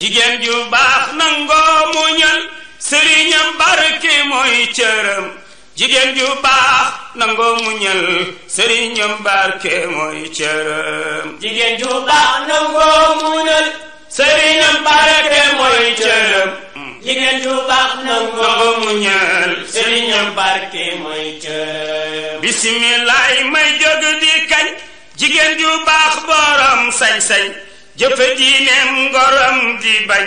jigéen ju baax nangoo muñal sëriñam barke mooy cëram jigéen ju baax nangoo muñal sëriñam barke mooy cëram jigéen may jóg di kañ jigéen ju baax borom sañ jëfe diineem ngoram di bañ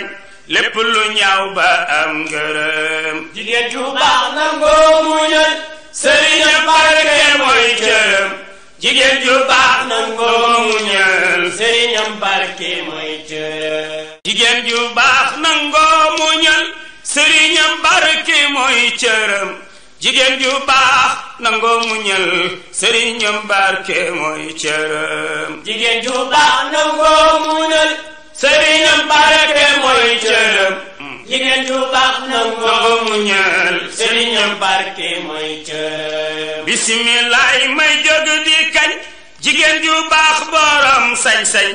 lépp lu ñaaw ba am ngërëm jigéen ju baax nangoo muñal sëriñam barke mooy cëram jigéen ju baax nangoo muñal sëriñam barke mooy cëram jigéen ju baax nangoo muñal sëriñam barke mooy cëram jigéen ju baax nangoo muñal sëriñam barke mooy cëram baax nangoo muñal sëriñam barke mooy cëram baax nangoo muñal sëriñam barke mooy may jóg di kañ jigéen ju baax borom sañ-sañ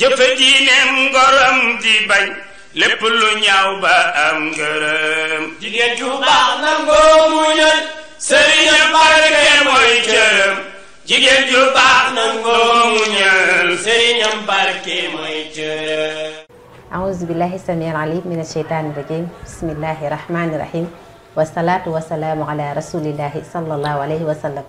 jëfe diineem ngoram di bañ lépp lu ñaaw ba am ngërëm. jigéen ju baax nangoo muñal. sëriñam barke mooy cëram. jigéen ju baax nangoo muñal. sëriñam barke mooy cëram. awuzu billahi samir alim min asheytaani rajim bismillahi rahmaani rahim wasalaatu wasalaamu ala rasulillahi sallallahu alayhi wa sallam.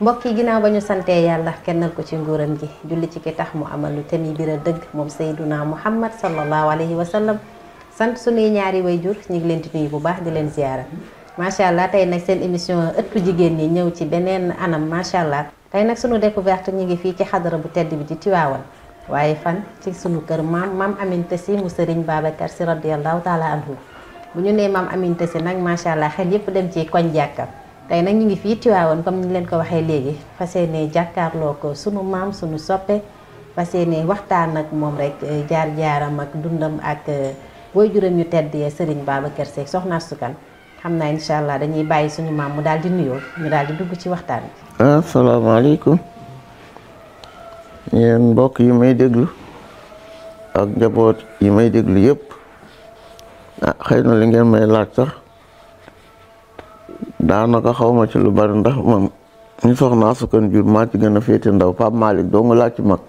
mbokk yi ginnaaw ba ñu santee yàlla kennal ko ci nguuram gi julli ci ki tax mu amal lu temi bira dëgg moom sayduna muhammad sallallahu alayhi wa sallam sant suñuy ñaari wayjur ñu ngi leen di nuyu bu baax di leen ziyaara macha allah tey nag seen émission ëttu jigéen ñi ñëw ci beneen anam macha allah tey nag suñu découverte ñu ngi fii ci xadara bu tedd bi ci Tiwaawan waaye fan ci suñu kër maam maam Aminta Si mu sëriñ Babacar Si radiyallahu taala anhu bu ñu nee maam Aminta Si nag macha allah xel yëpp dem ci koñ jàkkam tey nag ñu ngi fii Tiwaawoon comme ni leen ko waxee léegi fas yéene jàkkaarloo ko sunu maam sunu soppe fas yéene waxtaan ak moom rek eh, jaar-jaaram ak dundam ak eh, waajuram yu tedd yee Serigne Babacar Seck soxna Astou Kane xam naa incha allah dañuy bàyyi suñu maam mu daal di nuyoo mu daal di dugg ci waxtaan bi. asalaamaaleykum yéen mbokk yi may déglu ak njaboot yi may déglu yëpp ah xëy na li ngeen may laaj sax. daanaka xaw ma ci lu bari ndax man ñu soxnaa sukkan jur maa ci gën a féete ndaw Pape Malick doo nga laa ci mag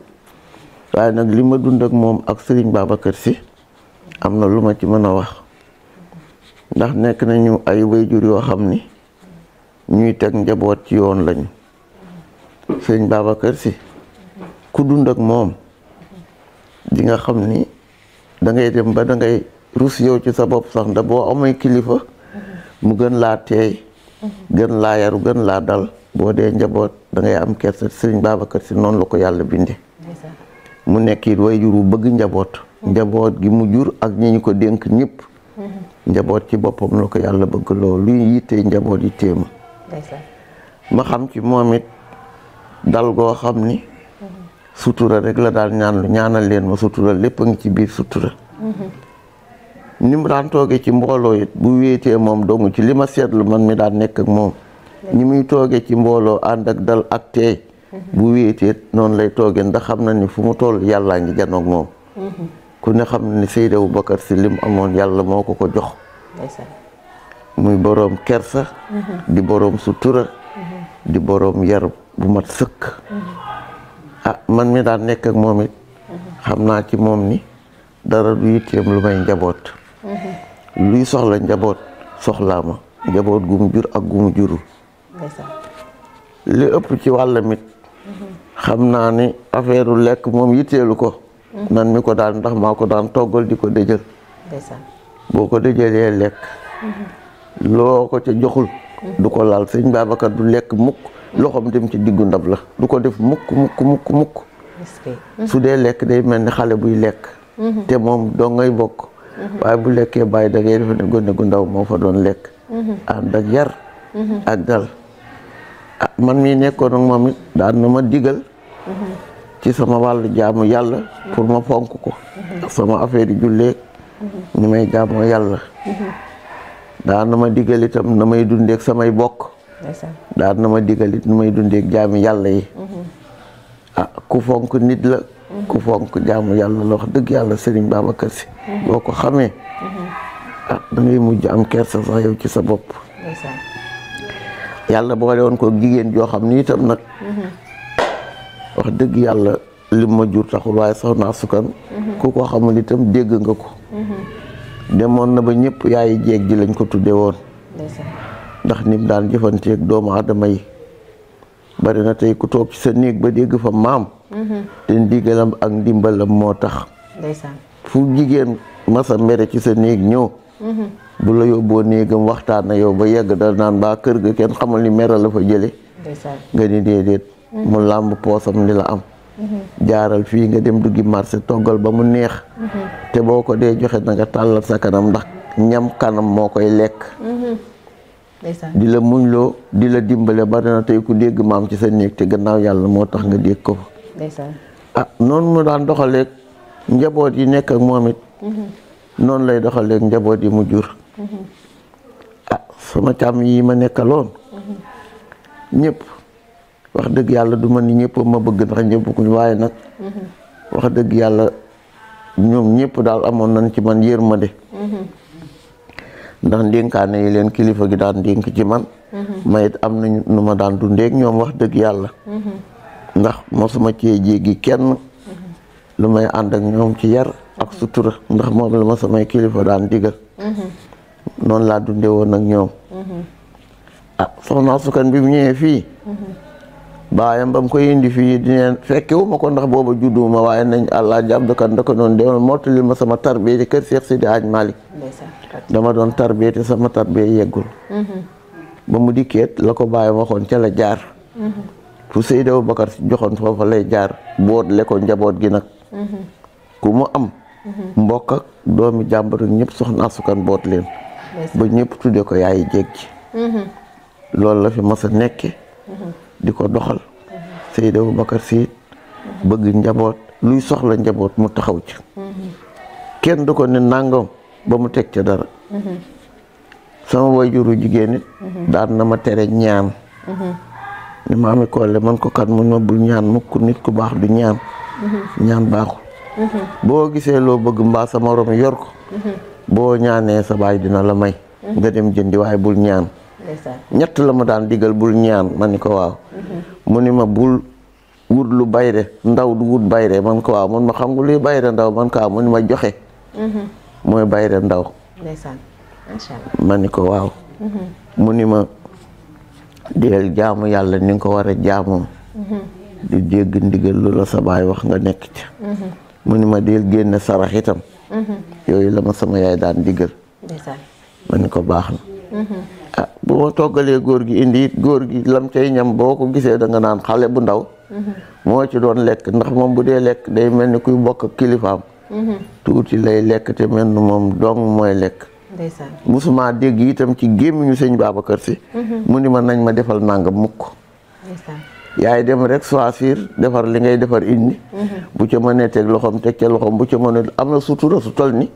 waaye nag li ma dund ak moom ak Serigne Babacar si am na lu ma ci mën a wax ndax nekk nañu ay wayjur yoo xam ni ñuy teg njaboot ci yoon lañu Serigne Babacar Sy ku dund ak moom di nga xam ni dangay ngay dem ba da ngay rus yow ci sa bopp sax ndax boo amee kilifa mu gën laa teey gën laa yaru gën laa dal boo dee njaboot dangay am kersa sëriñ Babacar si noonu la ko yàlla bindee mu nekk it way juru bëgg njaboot njaboot gi mu jur ak ñi ñu ko dénk ñépp njaboot ci boppam la ko yàlla bëgg lool luy yittee njaboot yi téema ma xam ci moom it dal goo xam ni sutura rek la daal ñaan lu ñaanal leen ma sutura lépp a ngi ci biir sutura ni mu daan toogee ci mbooloo bu wéetee moom dong ci li ma seetlu man mi daan nekk ak moom ni muy tooge ci mbooloo ànd ak dal ak teey bu wéetee noonu lay toogee ndax xam na ni fu mu toll yàllaa ngi janoog moom ku ne xam na ni Seydi Aboubacar si lim amoon yàlla moo ko ko jox muy boroom kersa mhm. di boroom sutura mhm. di boroom yar bu mat sëkk mhm. ah man mi daan nekk ak moom it xam naa ci moom ni dara du yitteem lu may njaboot luy soxla njaboot soxlaa ma njaboot gu mu jur ak gu mu juru li ëpp ci wàllamit xam naa ni affaire lekk moom yitteelu ko nan mi ko daan ndax maa ko daan toggal di ko dëjël boo ko dëjëlee lekk loo ko ca joxul du ko laal sëñ baabakat du lekk mukk loxoom dem ci diggu ndab la du ko def mukk mukk mukk mukk su dee lekk day mel ni xale buy lekk mhm. te moom doo ngay bokk Mm-hmm. waaye bu lekkee bàyyi da ngay defe ne gone gu ndaw moo fa doon lekk mm-hmm. ànd ak yar mm-hmm. ak dal ah man mii nekkoon ak moom it daan na ma digal ci sama wàll jaamu yàlla pour ma fonk ko sama affaire yi jullee may jaamoo yàlla daan na ma digal itam na may dundeek samay bokk daan na ma digal it na may dundeek jaami yàlla yi ah ku fonk nit la ku fonk jaamu yàlla la wax dëgg yàlla Serigne Babacar Sy mhm. boo ko xamee mhm. ah mujj am kers sax yow ci sa bopp yàlla boole woon ko jigéen joo xam ni itam nag mhm. wax dëgg yàlla lim ma jur taxul waaye soxna sukan ku ko xamul itam dégg nga ko demoon na ba ñëpp yaayi jeeg ji lañ ko tudde woon ndax nim daan jëfanteeg doomu adama yi bari na tey ku toog ci sa néeg ba dégg fa maam Mm-hmm. te ndigalam ak ndimbalam moo tax fu jigéen masa mere ci sa néeg ñëw mm-hmm. bu la yóbboo néegam waxtaan na yow ba yegg dal naan baa kër ga kenn xamul ni mere la fa jële nga ni déedéet mm-hmm. mu làmb poosam ni la am jaaral fii nga dem duggi marché toggal ba mu neex te boo ko dee joxe na nga tàllal sa kanam ndax ñam kanam moo koy lekk di la muñloo di la dimbale ba dana tey ku dégg maam ci sa néeg te gannaaw yàlla moo tax nga dégg ko ah noonu mu daan doxaleeg njaboot yi nekk ak moom it mhm. noonu lay doxaleeg njaboot yi mu jur mhm. ah sama càmm yi ma nekkaloon mhm. ñëpp wax dëgg yàlla du ma ni ma bëgg ndax waaye nag wax dëgg yàlla ñoom ñëpp daal amoon nañ ci man yér yërmande ndax ndénkaane yi leen kilifa gi daan ndénk ci man mayit am nañu nu ma daan dundeek ñoom wax dëgg yàlla ndax mosuma cee jéggi kenn lu may ànd ak ñoom ci yar ak sutura ndax moom la ma samay kilifa daan digal noonu laa dunde woon ak ñoom ah soxna sukan bi mu ñëwee fii baayam ba mu koy indi fii dineen fekke wu ko ndax booba judduma waaye nañ àllaa jàmm kan da ko noonu demal mottali ma sama tarbiya ci kër Seex Sidi Aj Malik dama doon tarbiya te sama tarbiya yeggul mhm. ba mu dikkeet la ko baayam waxoon ca la jaar mhm. fu Seydi Aboubacar joxoon foofa lay jaar boot lekkoo njaboot gi nag ku mu am mbokk ak doomi jàmbur ñëpp soxna asukan boot leen ba ñëpp tudde ko yaayi jéeg ji loolu la fi mas nekke di ko doxal Seydi Aboubacar Sy bëgg njaboot luy soxla njaboot mu taxaw ci kenn du ko ne nangam ba mu teg ca dara sama wajuru jigéen daan na ma tere ñaan ni ma amee kolle man ko kat mu ma bul ñaan mukk nit ku baax du ñaan mm-hmm. ñaan baaxul mm-hmm. boo gisee loo bëgg mbaa sa morom yor ko mm-hmm. boo ñaanee sa baay dina la may nga dem jëndi waaye bul ñaan ñett la ma daan digal bul ñaan ma ni ko waaw mu ni ma bul wut lu bayre ndaw du wut bayre ma xam nga luy bayre ndaw man ko waaw mu ni ma joxe mooy bayre ndaw ma ni ko waaw mu ma del jaamu yàlla ni nga ko war a jaamoo mm-hmm. du jégg ndigal lu la sa wax nga nekk ci mm-hmm. mu ni ma del génn sarax itam mm-hmm. yooyu la ma sama yaay daan digal ma ni ko baax na ah bu ma toggalee góor gi indi it góor gi lam cay ñam boo ko gisee danga naan xale bu ndaw moo ci doon lekk ndax moom bu dee lekk day mel ni kuy bokk ak kilifaam tuuti lay lekk te mel ni moom dong mooy lekk musuma dégg itam ci gemmiñu sëñ babakar ci mhm. mu man ma nañ ma defal nangam mukk yaay dem rek choisir defar li ngay defar indi mhm. bu ca mënee ak loxom tek ci loxom bu ci mënee am sutura su tol ni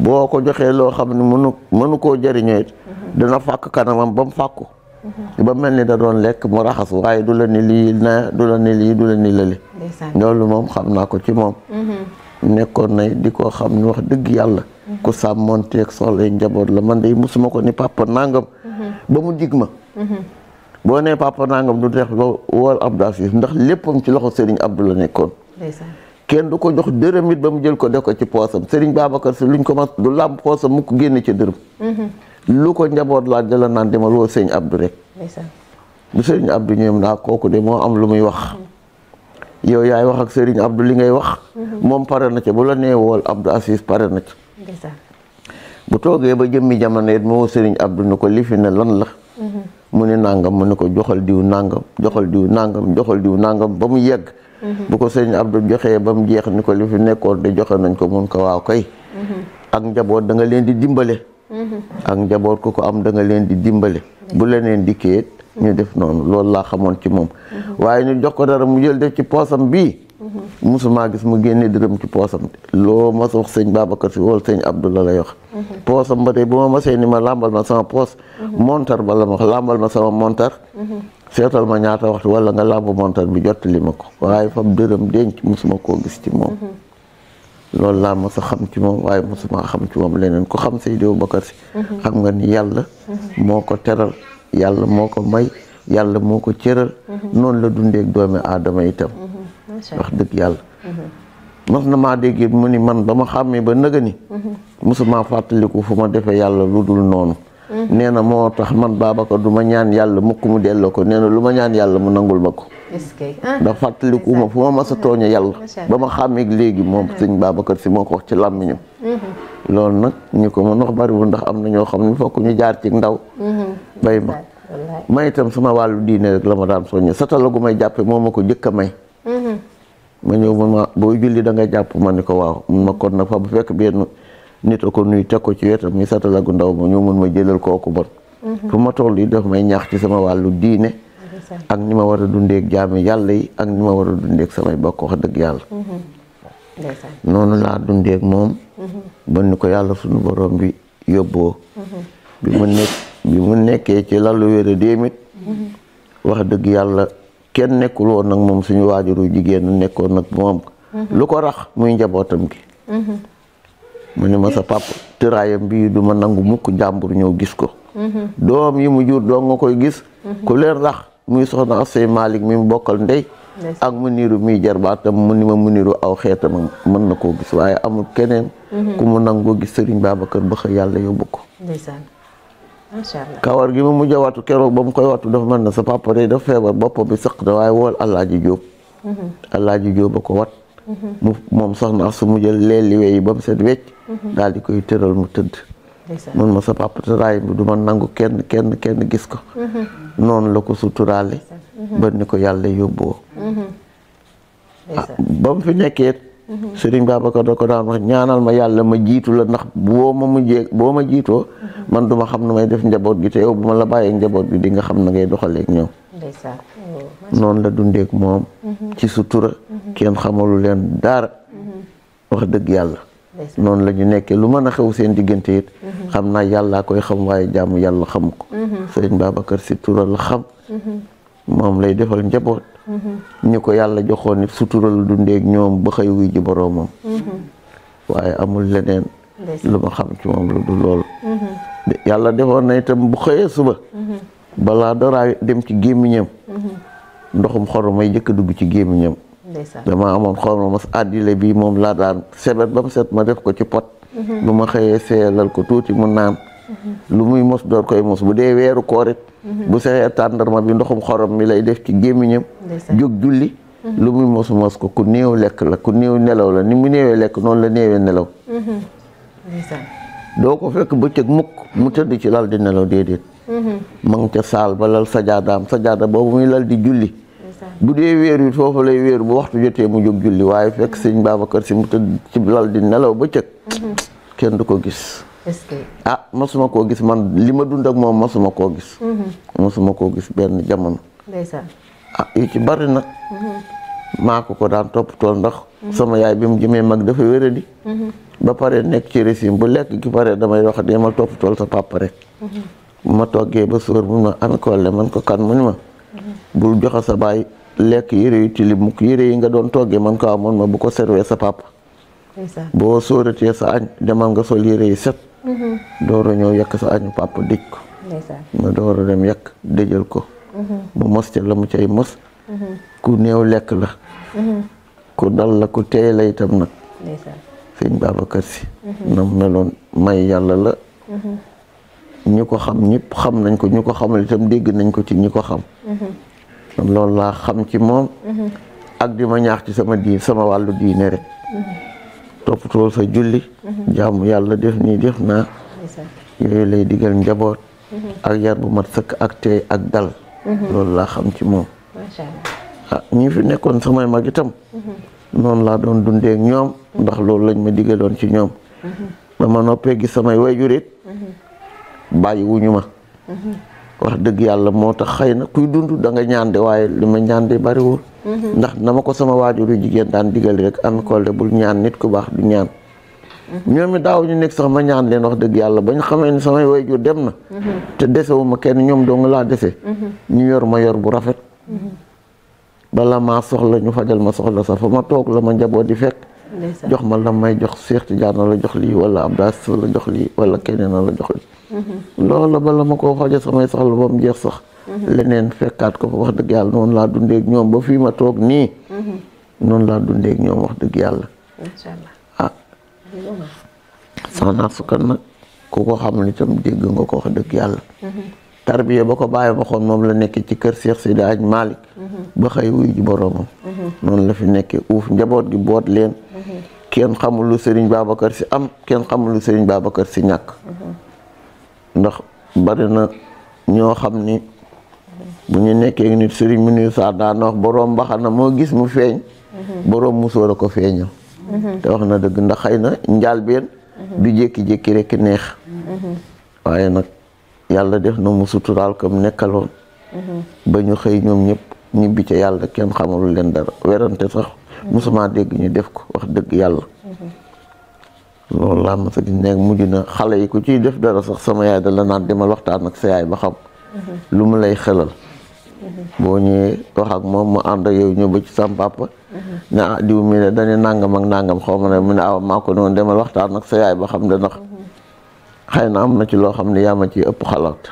joxe mhm. ko xamni munu munu ko mënu dana fak kanamam bam fakku ba melni da don lek mu raxasu waye dula ni li na dula ni li dula ni lele loolu mom xamna ko ci mom nekkoon na di ko wax deug yalla ko samonté ak solé njabot la man day musuma ko ni papa nangam. Mhm. ba mu digma mhm. bo né papa nangam du deex ba wol abdass Aziz ndax léppam ci loxo Serigne Abdou la nekkoon. kenn du ko jox dërëm ba mu jël ko def ko ci posam Serigne babakar su luñ ko mas du lamb posam mu ko génne ci mhm. lu ko njabot la dala naan demal lo Serigne Abdou rek. bu Serigne Abdou ya. ñeem na koku de mo am lu muy ya, wax. yow yaay wax ak Serigne Abdou li ngay wax. mom paré na ci bu la né wol Abdou Aziz na ci. bu toogee ba jëmmi jamono it moo sëriñ Abdou ni ko li fi ne lan la mhm. mu ne nàngam mu ne ko joxal diw nàngam joxal diw nàngam joxal diw nàngam ba mu yegg mhm. bu ko sëriñ Abdou joxee ba mu jeex ni ko li fi nekkoon de joxe nañ ko mun ko waaw kay mhm. ak njaboot da nga leen di dimbale ak njaboot ku ko am danga leen di dimbale bu leneen dikkee ñu def noonu lool laa xamoon ci moom waaye ñu jox ko dara mu jël def ci poosam bii musuma gis mu génne dërëm ci poosam loo mas wax sëñ Babacar si wala sëñ Abdoulaye lay wax poosam ba tey bu ma masee ni ma làmbal ma sama poos montar ba la ma làmbal ma sama montar seetal ma ñaata waxtu wala nga làmb montar bi jottali ma ko waaye fam dërëm denc musuma koo gis ci moom loolu laa mos a xam ci moom waaye mosuma xam ci moom leneen ku xam Seydi Babacar si xam nga ni yàlla moo ko teral yàlla moo ko may yàlla moo ko cëral noonu la dundeek doomi aadama itam wax dëgg yàlla mhm. mas na maa déggee mu ni man ba ma xàmmee ba nëga ni mhm. mosuma fàttaliku fu ma defee yàlla lu dul noonu mhm. nee na moo tax man Babacar du ma ñaan yàlla mukk mu delloo ko nee na lu ma ñaan yàlla mu nangul ma ko ah. ndax fàttaliku ma fu ma mas a tooñe yàlla ba ma xàmmee léegi moom sëñ Babacar si moo ko wax ci làmmiñam loolu nag ñu ko mën wax bariwul ndax am na ñoo xam ne fokk ñu jaar ci ndaw bay ma may itam sama wàllu diine rek la ma daan soññe satala gu may jàppe moo may ma ñëw mun ma boo julli da jàpp ma ni ko waaw mun ma kon nag fa bu fekk benn nit a ko nuy teg ko ci wetam muy satala gu ndaw ma ñu mun ma jëlal kooku bon mhm. fu ma toll yi daf may ñaax ci sama wàllu diine ak ni ma war a dundeeg jaami yàlla yi ak ni ma war a dundeeg samay bokk wax dëgg yàlla mhm. noonu laa dundeeg moom mhm. ba ni ko yàlla sunu borom bi yóbboo bi mu nekk bi nekkee ci lalu wér a déemit wax dëgg yàlla kenn nekkul woon nag moom suñu waajuru jigéen nekkoon nag moom mhm. lu ko rax muy njabootam gi mhm. mu ne ma sa papa tëraayam bii du ma nangu mukk jàmbur ñëw gis ko mhm. doom yi mu jur doo nga koy gis ku leen rax muy soxna Asey Malick mi mu bokkal ndey ak mu niiru muy jarbaatam mu ni ma mu niiru aw xeetam mën na koo gis waaye amul keneen ku mu nangoo gis Serigne Babacar ba xëy yàlla yóbbu ko incha allah kawar gi mu mujj a wattu keroog ba mu koy wattu dafa mel ne sa papa day daf feebar bopp bi sëq da waaye wool Alaaji Jóob mhm. Alaaji Jóob a ko wat mhm. mu moom soxna su mu jël leeli we yi ba mu set wecc mhm. daal di koy tëral mu tëdd mun ma sa papa tëraay bi du ma nangu kenn kenn kenn gis ko noonu la ko suturaale ba ni ko yàlla yóbboo ah, ba mu fi nekkee Serigne Babacar da ko daan wax ñaanal ma yàlla ma jiitu la ndax boo ma mujjee boo ma jiitoo man duma xam na may def njaboot gi te yow bu ma la bàyyee njaboot bi dinga xam na ngay doxaleeg ñoom noonu la dundeek moom mhm. ci sutura mhm. kenn xamalu leen dara mhm. wax dëgg yàlla noonu la ñu nekkee lu mën a xew seen diggante it naa yàllaa koy xam waaye jaamu yàlla xamu ko Serigne Babacar la xam moom lay defal njaboot ñu ko yàlla joxoon it sutural dundeeg ñoom ba xëy wi ji waaye amul leneen lu ma xam ci moom lu du loolu yàlla defoon na itam bu xëyee suba balaa dara dem ci gémmiñam ndoxum xorom may jëkk dugg ci gémmiñam dama amoon xorom mas àddile bi moom laa daan sebet ba set ma def ko ci pot mhm. bu ma xëyee seeyalal ko tuuti mu naan lu muy mos door koy mos bu dee weeru koor it mhm. bu sexee tàndarma bi ndoxum xorom mi lay def ci gémmiñam jóg julli mhm. lu muy mos mos ko ku néew lekk la ku néew nelaw la ni mu néewee lekk noonu la néewee nelaw mhm. doo ko fekk bëccëg mukk mu tëdd ci lal di nelaw déedéet ma ngi ca saal ba lal sajaadaam sajaada boobu muy lal di julli bu dee wéer wi kenn du ko gis ah masuma koo gis man li ma dund ak moom masuma koo gis masuma mhm. koo gis benn jamono ah yu ci bari nag mhm. ko ko daan toppatoo ndax mhm. sama yaay bi mu jëmee mag dafa wéradi ba pare nekk ci régime bu lekk gi pare damay wax de ma tool sa papa ma toggee ba sóor mun ma amee kolle man ko kan mu ma bul joxe sa baay lekk yére yu tilim mukk yére yi nga doon toggee man ko am ah, ma bu ko serwee sa papa boo sóoratee sa añ demal nga sol yére yi set Mm-hmm. door a ñëw yekk sa añu papa dëj ko ma door a dem yekk dëjal ko mm-hmm. mu mos ca la mu cay mos mm-hmm. ku néew lekk la ku dal la ku teey la itam nag sëñ Babacar Si na meloon may yàlla la ñu ko xam ñëpp xam nañ ko ñu ko xamal itam dégg nañ ko ci ñi ko xam loolu laa xam ci moom ak di ma ñaax ci sama diin sama wàllu diine rek toppatoo sa julli mhm. jaamu yàlla def nii def naa yooyu lay digal njaboot mhm. ak yar bu mat sëkk ak teey ak dal mhm. loolu laa xam ci moom ah ñi fi nekkoon samay mag itam noonu laa doon dundee ñoom ndax loolu lañ ma digaloon ci ñoom dama noppee gis samay wajurit bàyyi wuñu ma wax deug yalla mo tax xëy na kuy dund da nga ñaande waaye lima ma bari wu mhm. ndax na ko sama wajuru jigen daan digal rek Ami Collé bul ñaan nit ku bax du ñaan mhm. ñoomi daaw ñu nek sax ma ñaan leen wax deug yalla ba xamé ni sama wayju dem na mhm. te déssawuma kenn ñoom do nga laa déssé ñu yor ma yor bu rafet bala ma soxla ñu fajal ma soxla sa fa ma tok la ma jabo di fek jox ma la may jox cheikh tidiane la jox lii wala abdass la jox lii wala keneen la jox lii loola bala ma koo faja samay soxla ba mu jeex sax leneen fekkaat ko fa wax dëgg yàlla noonu laa dundeek ñoom ba fii ma toog nii noonu laa dundeek ñoom wax dëgg yàlla ah soxna su kan ko xam ne tarbiya ba ko bàyyi waxoon moom la nekkee ci kër Cheikh Seydi Aj Malick ba xëy wuy ji boroomam noonu la fi nekkee uuf njaboot gi boot leen kenn xamul lu Serigne Babacar si am kenn xamul lu Serigne Babacar si ñàkk ndax bari na ñoo xam ni bu ñu nekkee nit sëriñ mu nuyu sax daan wax boroom mbaxana moo gis mu feeñ mhm. boroom musóor a ko feeñal mhm. te wax na dëgg ndax xëy na njaalbeen mhm. du jékki-jékki rekk neex waaye nag yàlla def na mu suturaal mu nekkaloon ba ñu xëy ñoom ñëpp ñibbi ca yàlla kenn xamul leen dara werante sax musuma dégg ñu def ko wax dëgg yàlla loolu laa ma sa gis nekk mujj na xale yi ku ciy def dara sax sama yaay da la naan demal waxtaan ak sa yaay ba xam lu mu lay xelal boo ñëwee wax ak moom mu ànd ak yow ñëw ba ci sama papa ne ah xaw ma ne mu ne aw ah, maa ko noonu xam de ndax xay na am na ci loo xam ne yaa ma ci ëpp xalaat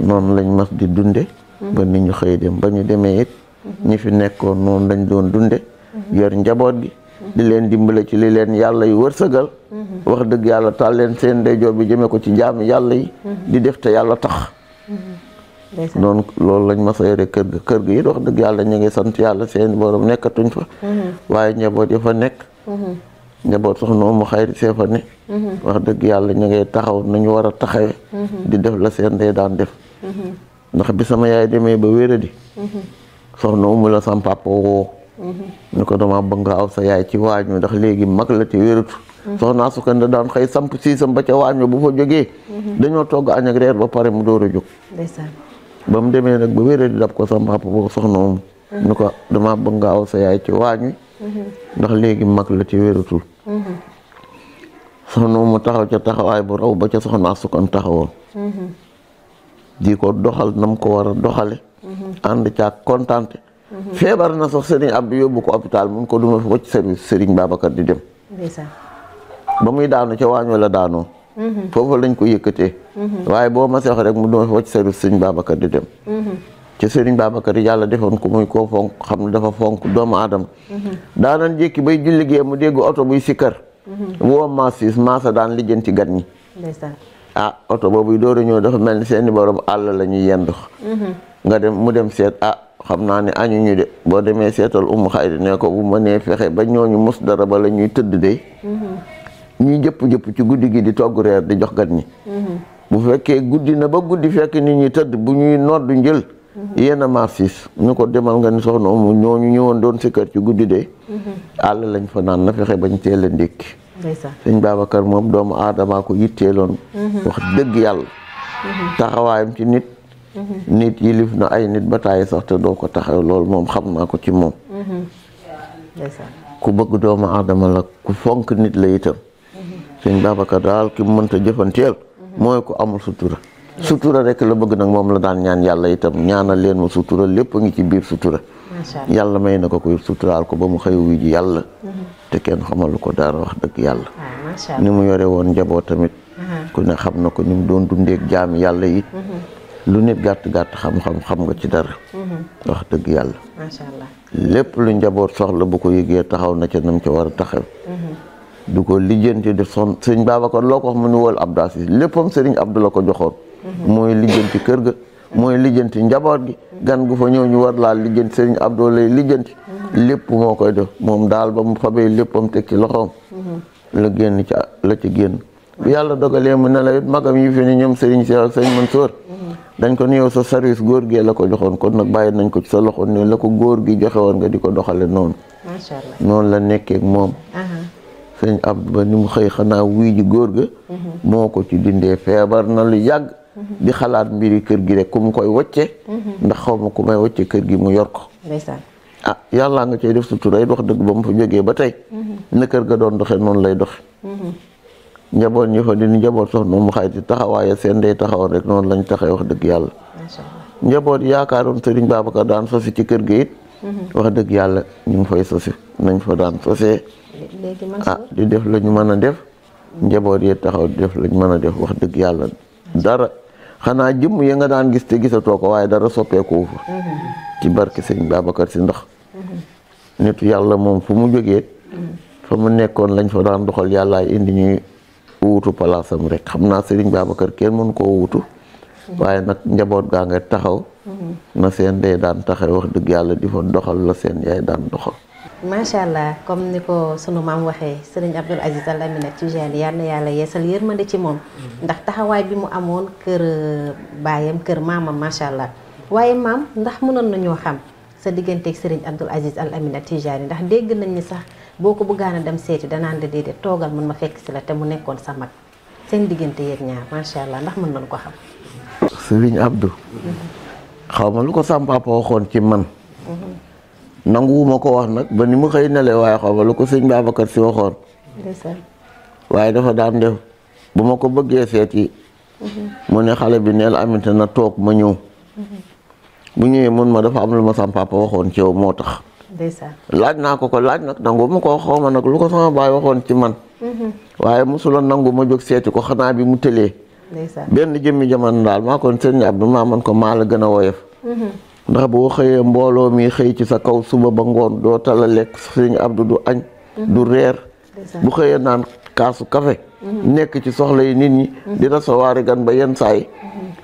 noonu lañ mas di dunde ba nit ñu xëy dem ba ñu demee it ñi fi nekkoon noonu lañ doon dunde yor njaboot gi di leen dimbale ci li leen yàlla yu wërsëgal wax dëgg yàlla taal leen seen ndeyjoor bi jëmee ko ci njaami yàlla yi di def te yàlla tax donc loolu lañ mas a yore kër ga kër gi it wax dëgg yàlla ñu ngi yàlla seen borom nekkatuñ fa waaye njaboot ya fa nekk njaboot soxna mu xayri see ne wax dëgg yàlla ñu ngay taxaw nañu war a taxawee di def la seen ndey daan def ndax bi sama yaay demee ba wéeradi mhm. soxna mu la sam woo ñu ko dama bëgg nga aw sa yaay ci waañ wi ndax léegi mag la te wérut soxna Sukanda daan xëy samp siisam ba ca waañ wi bu fa jógee dañoo togg añ ak ba pare mu door a ba mu demee nag ba wéra di ko sama papa boobu soxna moom ñu ko dama bëgg nga aw sa yaay ci ndax léegi mag la te wérutul soxna mu taxaw ca taxawaay bu raw ba ca soxna Sukanda taxawoon di ko doxal nam ko war doxale ànd caag kontaante feebar na sax Serigne Abdou yóbbu ko hôpital mun ko duma fa ci service Serigne Babacar di dem. ba muy daanu ca waañ la daanoo. Mhm. foofu lañ ko yëkkatee. Mhm. waaye boo ma seex rek mu duma fa ci service Serigne Babacar di dem. Mhm. ci Serigne Babacar yàlla defoon ko muy koo fonk xam ne dafa fonk doomu aadama. daanan jékki bay julli gee mu dégg oto buy sikkar. woo maasis maasa daan lijjanti gan ñi. ah oto boobu door a ñëw dafa mel ni seeni borom àll la ñuy yendu. nga dem mu dem seet ah, xam naa ne añu ñu de boo demee seetal umu xayri ne ko bu ma nee fexe ba ñooñu mos dara ba la ñuy tëdd de ñuy jëpp-jëpp ci guddi gi di togg reer di jox gan ñi bu fekkee guddi na ba guddi fekk nit ñi tëdd bu ñuy nodd njël yéen a marsis ñu ko demal nga ni soxna umu ñooñu ñëwoon doon si kër ci guddi de àll lañ fa naan na fexe bañ teele a ndékki sëñ kër moom doomu aadamaa ko yitteeloon mhm. wax dëgg yàlla mhm. taxawaayam ci nit nit yilif na ay nit ba tàyyi sax te doo ko taxaw lool moom xam naa ko ci moom ku bëgg doomu adama la ku fonk nit la itam sëñ Babacar daal ki mu mënta jëfanteel mooy ku amul sutura sutura rekk la bëgg nag moom la daan ñaan yàlla itam ñaanal leen ma sutura lépp a ngi ci biir sutura yàlla may na ko kuy suturaal ko ba mu xëy wi yàlla te kenn xamalu ko dara wax dëgg yàlla ah, ni mu yore woon njaboot tamit ku ne xam na ko ni mu doon dundeek jaami yàlla yi mhm. lu nit gàtt gàtt xam-xam xam nga ci dara. Mm-hmm. wax dëgg yàlla. macha allah lépp lu njaboot soxla bu ko yëgee taxaw na ca nam ca war a taxaw. Mm-hmm. du ko lijjanti di son sëñ Babacar loo ko wax mu ni wol Abdou Aziz léppam sëriñ Abdou ko joxoon. Mm-hmm. mooy lijjanti kër ga. mooy lijjanti njaboot gi. gan gu fa ñëw ñu war laa lijjanti sëriñ Abdou lay lijjanti. lépp moo koy def moom daal ba mu fabee léppam teg ci loxoom. la génn ca la ca génn. bu yàlla dogalee mu ne la it magam yi fi ne ñoom dañ ko ne yow sa service góor gee la ko joxoon kon nag bàyyi nañ ko ci sa loxo ne la ko góor gi joxe woon nga di ko doxale noonu macha noonu la nekkee moom sëñ Abdou ba ni mu xëy xanaa wuy ji góor ga mhm. moo ko ci dindee feebar na lu yàgg mhm. di xalaat mbiri kër gi rek ku mu koy wacce mhm. ndax xaw ma ku may wacce kër gi mu yor ko ah yàllaa nga cee def sutura it dox dëgg ba mu fa jógee ba tey na kër ga doon doxe noonu lay doxe njaboot ñi fa di njaboot soxna mu xayti taxawaaya seen day taxawoon rek noonu lañ taxee wax dëgg yàlla njaboot yaakaaroon Serigne Babacar daan sosi ci kër gi it mhm. wax dëgg yàlla ñu ngi fay sosi nañ fa daan sose ah di def lañu ñu mën a def njaboot yi taxaw di def la ñu mën a def wax dëgg yàlla dara xanaa jëm ya nga daan gis te gisatoo ko waaye dara soppeeku fa mhm. ci barke Serigne Babacar si ndax mhm. nitu yàlla moom fu mu jógee fa mu nekkoon lañ fa daan doxal yàllaay indi ku wutu palaasam rek xam naa Serigne Babacar kenn mënu koo wutu waaye nag njaboot gaa nga taxaw na seen day daan taxaw wax dëgg yàlla di fa doxal la seen yaay daan doxal macha allah comme ni ko sunu maam waxee sëriñ Abdoul Aziz Al Amine Tijaan yal na yàlla yeesal yërmande ci moom ndax taxawaay bi mu amoon kër baayam kër maamam macha allah waaye maam ndax mënoon nañoo xam sa digganteeg Serigne Abdoul Aziz Al Amine Tijani ndax dégg nañ ni sax boo ko bëggaan dem seeti danaan la déedéet toogal mun ma fekk si la te mu nekkoon sa mag seen diggante yéen ñaar macha allah ndax mën nañ ko xam. Serigne Abdou. xaw ma lu ko sama papa man. nanguwuma ko nag ba mu xëy nele waaye xaw si waxoon. waaye dafa daan def bu ma ko bëggee seeti. Mhm. mu ne xale bi neel aminte na toog ma ñëw. Mhm. bu ñëwee mun ma dafa am lu ma sama papa waxoon ci yow moo tax. laaj naa ko ko laaj nag nangu ma ko xaw ma nag lu ko sama baay waxoon ci man. Mm-hmm. waaye mosula nangu ma jóg seeti ko xanaa bi mu tëlee. benn jëmmi jamono daal maa kon ab Abdou maa man ko maa la gën a woyof. Mm-hmm. ndax boo xëyee mbooloo mi xëy ci sa kaw suba ba ngoon doo a lekk sëñ Abdou du du añ. Mm-hmm. du reer. bu xëyee naan kaasu kafe. nekk ci soxla yi nit ñi. di recevoir gan ba yenn saa yi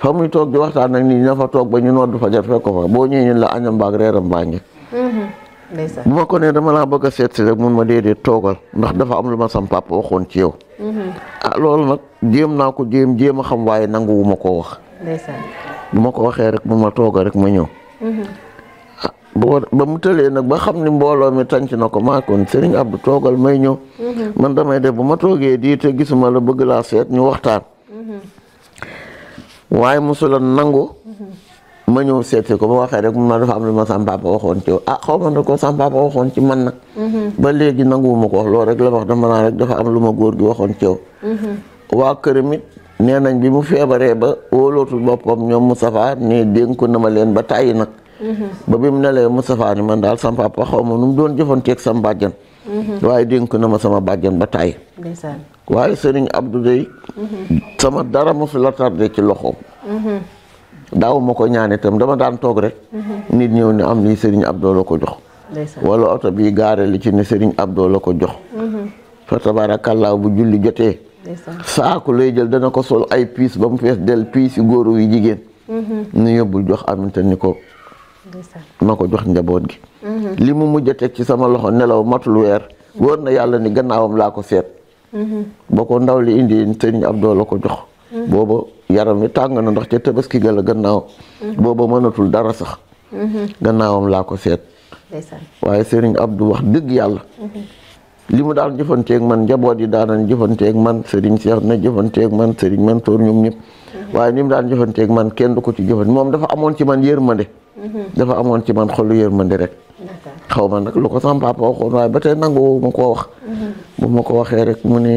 fa muy toog di waxtaan nag nit ña fa toog ba ñu noddu fajar fekk ko fa boo ñëwee ñun la añam mbaag reeram mbaa ngi mhm. bu ma ne dama laa bëgg a seet si rek mun ma toogal ndax dafa am lu ma sam waxoon ci yow. Mhm. ah loolu nag jéem naa ko jéem jéem a xam waaye nangu koo wax. bu ma ko waxee rek bu ma tooga rek ma ñëw. Mhm. Ah, ba mu tëlee nag ba xam ni mbooloo mi tànc na ko maa kon Serigne Abdou toogal may ñëw. man damay de bu ma toogee diite gisuma la bëgg laa seet ñu waxtaan. waaye mosula nangu ma ñëw seeti ko ba waxee rek mun naa dafa am lu ma sama papa waxoon ci ah xaw ma ci man nag mhm. ba léegi nanguwuma ko wax loolu rek la wax dama naa rek dafa am lu ma góor gi waxoon ci mhm. waa këram it nee nañ bi mu feebaree ba wóolootul boppam ñoom Moustapha ne dénk na ma leen ba tàyyi nag mhm. ba bi mu nelee Moustapha ni man daal sama papa xaw ma nu mu doon jëfanteeg sama bàjjan Mm-hmm. waaye dénk na ma sama bàjjen ba tàyyi waaye sëriñ Abdou mm-hmm. sama dara mu fi la tardé ci loxoom mm-hmm. daaw ko ñaan itam dama daan toog rek nit ñëw ne am lii sëriñ Abdou la ko jox wala oto bi gaare li ci ne sëriñ Abdou la ko jox fa tabaarakallaa bu julli jotee saaku lay jël dana ko sol ay piis ba mu fees del piis yu góoru yu jigéen ñu yóbbul jox aminte ni ko ma ko jox njaboot gi mhm. li mu mujj a teg ci sama loxo nelaw matul weer wóor na yàlla ni gannaawam laa ko seet mhm. ba ko ndaw li indi sëriñ Abdou la ko jox mhm. booba yaram wi tàng na ndox te tabaski ga la gannaaw booba mënatul dara sax gannaawam laa ko seet waaye sëriñ Abdou wax dëgg yàlla li mu daan jëfanteeg man njaboot yi daanañ jëfanteeg man sëriñ Cheikh na jëfanteeg man sëriñ Mansour ñoom ñëpp waaye ni mu daan jëfanteeg man kenn du ko ci jëfante moom dafa amoon ci man yërmande Mm-hmm. dafa amoon ci man xolu yërmande rek. xaw ma nag lu ko sama papa waxoon waaye ba tey nangu ma koo wax. Mm-hmm. bu ma ko waxee rek mu ni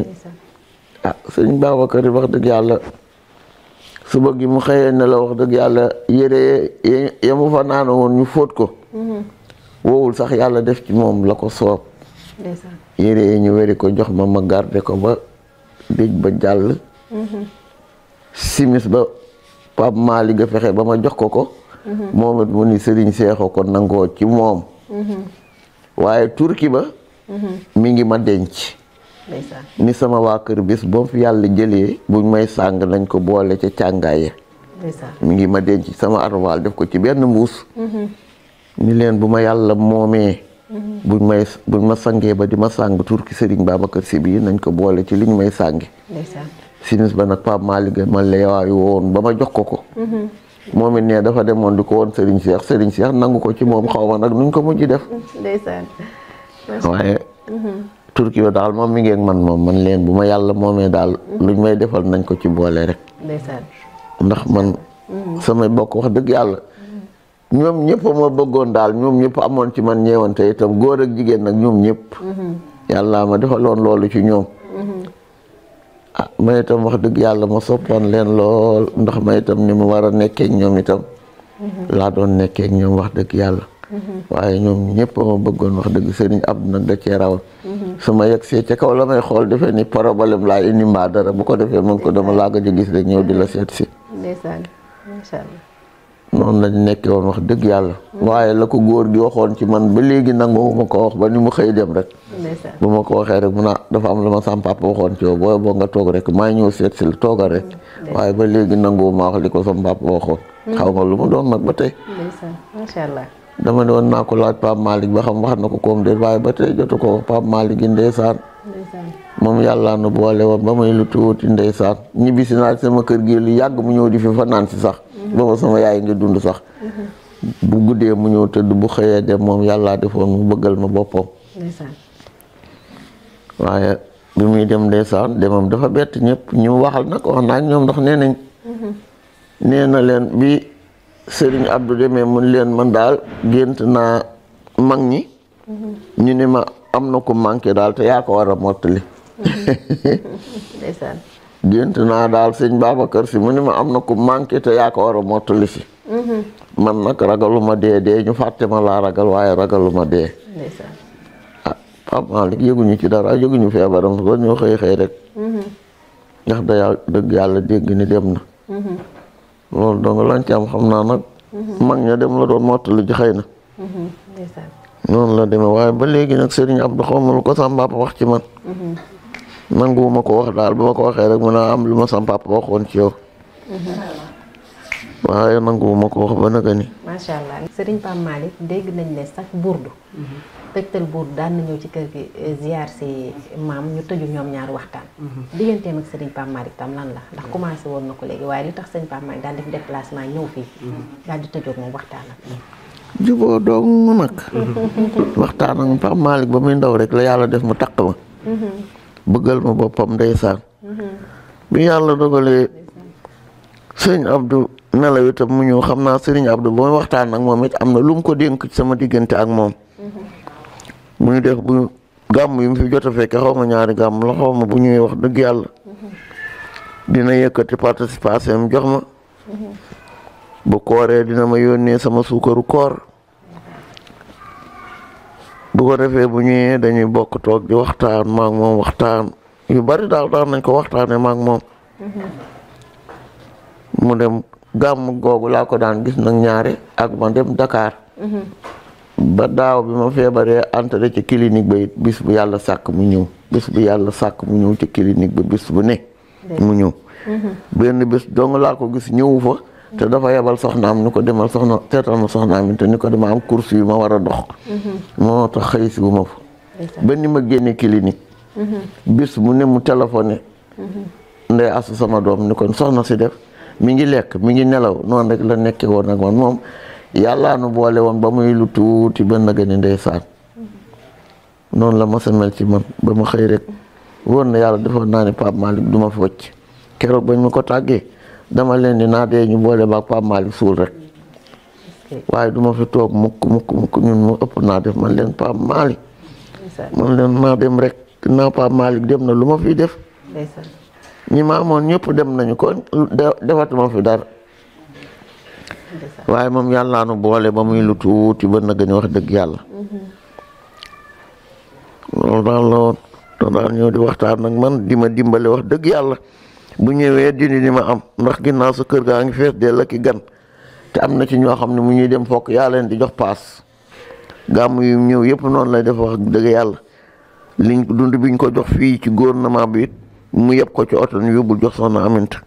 ah sëñ Babacar wax dëgg yàlla suba gi mu xëyee ne la wax dëgg yàlla yére ya mu fa naan woon ñu fóot ko. Mm-hmm. woowul sax yàlla def ci moom la ko soob. yére yi ñu wéri ko jox ma ma garde ko ba dëj ba jàll. simis ba Pape Mali nga fexe ba ma jox ko ko. moom moo mu ni sëriñ seexu ko nangoo ci moom waaye turki ba mi ngi ma denc ni sama waa kër bis boo yàlla jëlee buñ may sàng nañ ko boole ca càngaaye mi ngi ma denc sama arwaal def ko ci benn mbuus mhm. ni leen bu ma yàlla moomee mhm. bu may buñ ma sangee ba di ma sàng turki sëriñ Babacar Si bii nañ ko boole ci liñ may sàngi sinis ba nag Pape Malick ma leewaayu woon ba ma jox ko ko mhm. moom it ne dafa demoon di ko woon Serigne Cheikh Serigne Cheikh nangu ko ci moom xaw ma nag nuñ ko mujj def. ndeysaan. waaye. Mhm. turki daal moom mi ngeen man moom man leen bu ma yàlla moomee daal. Mhm. luñ may defal nañ ko ci boole rek. ndax man. Mhm. samay bokk wax dëgg yàlla. ñoom ñëpp ma bëggoon daal ñoom ñëpp amoon ci man ñeewante itam góor ak jigéen nag ñoom ñëpp. yàlla ma defaloon loolu ci ñoom. ah ma itam wax dëgg yàlla ma soppoon leen lool ndax ma itam ni mu war a nekkeek ñoom itam mm-hmm. laa doon nekkeek ñoom wax dëgg yàlla mm-hmm. waaye ñoom ñëpp ma bëggoon wax dëgg sëriñ Abdou nag da cee rawoon mm-hmm. su ma yegsee ca kaw la may xool defee ni problème laa indi mbaa dara bu ko defee mën ko dama laa gëj a gis rek ñëw di la seet si noonu lañ nekke woon wax dëgg yàlla waaye la ko góor gi waxoon ci man ba léegi nangu ma ko wax ba ni mu xëy dem rek bu ma ko waxee rek mu naa dafa am lu ma sam papa waxoon ci yow booy boo nga toog rek maa ñëw si la toogal rek waaye ba léegi nangu ma wax li ko sam hmm. xaw ma lu mu doon nag ba tey dama ne woon naa ko laaj Pape Malick na ko koom déet ba jotu ko Pape Malick yi ndeysaan moom yàlla na boole woon ba may lu tuuti ndeysaan ñibbisi naa sama kër gi lu yàgg mu ñëw di fi fanaan si sax booba sama yaay ngi dund sax bu guddee mu ñëw tëdd bu xëyee dem moom yàllaa defoon mu bëggal ma boppam waaye bi muy dem ndeysaan demam dafa bett ñëpp ñu waxal nag wax naa ñoom ndax nee nañ nee na leen bi Sëriñ Abdou demee mun leen man daal gént naa mag ñi ñu ne ma am na ko manqué daal te yaa ko war a mottali gént naa daal sëñ Babacar si mu ni ma am na ku manqué te yaa ko war a mottali si mhm. man nag ragaluma dee dee ñu fàtte ma laa ragal waaye ragaluma dee ah Pape Malick yëguñu ci dara yëguñu feebaram ba ñoo xëy xëy rek mhm. ndax da dëgg yàlla dégg ni dem na mhm. loolu donc lañ ci xam naa nag mag ña dem la doon mottali ji xëy na noonu la demee waaye ba léegi nag Serigne Abdou xawma lu ko sama papa wax ci man nanguwuma ko wax dal bama guna ko waxe rek mo na am luma sam sama papa waxoon ci yow waaye nanguwuma ko wax ba naka ni sha allah serigne Pam malik deg nañ ne sax burdu tektal bourdou daan na ci kër gi ziar si mam ñu tëju ñom ñaar waxtaan digganteem nak serigne Pam malik tam lan la ndax commencé won na ko léegi li tax serigne Pam malik dal def déplacement ñew fi dal di tëjoog mo waxtaan ak jubo dong nak waxtaan ak Pam malik ba muy ndaw rek la yalla def mu takk ba bëggal ma bopam ndeysaan mm-hmm. bi yalla dogalé serigne Abdou nelaw itam mu ñu xamna serigne Abdou bo waxtaan nak moom it lu mu ko denk ci sama digënté ak mom mu mm-hmm. ñu def bu gam yu mu fi jotta a fekke ma ñaari gam la xawma ma bu ñuy wax dëgg yalla mm-hmm. dina yëkëti participation jox ma bu kooree dina ma yónnee sama sukaru koor bu ko defé bu ñëwé dañuy bokk tok di waxtaan ak mom waxtaan yu bari daal daal nañ ko ma ak mom mu dem gam gogu la ko daan gis nang ñaari ak ma dem Dakar mm-hmm. ba daaw bi ma feebaree entré ci clinique ba bis bu yalla sak mu ñëw bis bu yalla sak mu ñëw ci clinique ba bis bu né mu ñëw mm-hmm. ben bis dong la ko gis ñëw fa te dafa yebal am ni ko demal soxna teetal ma soxnaam te ni ko dama am course yu ma war a dox. Mm-hmm. moo tax xëy si bu ma ba ni ma génne clinique. Mm-hmm. bis mu ne mu téléphoné. Mm-hmm. ndey asu sama doom ni kon soxna si def mi ngi lekk mi ngi nelaw noonu rek la nekkee woon ak man moom yàllaa nu boole woon ba muy lu tuuti ba naga ni ndeysaan noonu la ma sa mel ci man ba ma xëy rek wóor na yàlla defoon naa ne Pape Malick du ma keroog bañ ma ko tàggee. dama leen di naa dee ñu boole ba Pape Malick suul rek waaye du fi toog mukk mukk mukk ñun mu ëpp naa def man leen Pape Malick man leen naa dem rek naa Pape Malick dem na lu ma fi def ñi ma amoon ñëpp dem nañu kon defatuma fi dara waaye moom yàlla nu boole ba muy lu tuuti ba nag wax dëgg yàlla mm-hmm. loolu daal la woon daal ñëw di waxtaan nag man di ma dimbale wax dëgg yàlla bu ñëwee dindi li ma am ndax ginnaaw sa kër gaa ngi fees de ak i gan te am na ci ñoo xam ne mu ñuy dem fokk yaa leen di jox paas gàmm yu ñëw yëpp noonu lay def dëgg yàlla liñ dund biñ ko jox fii ci gouvernement bi it mu yëpp ko ci oto ñu yóbbul jox soxna Aminta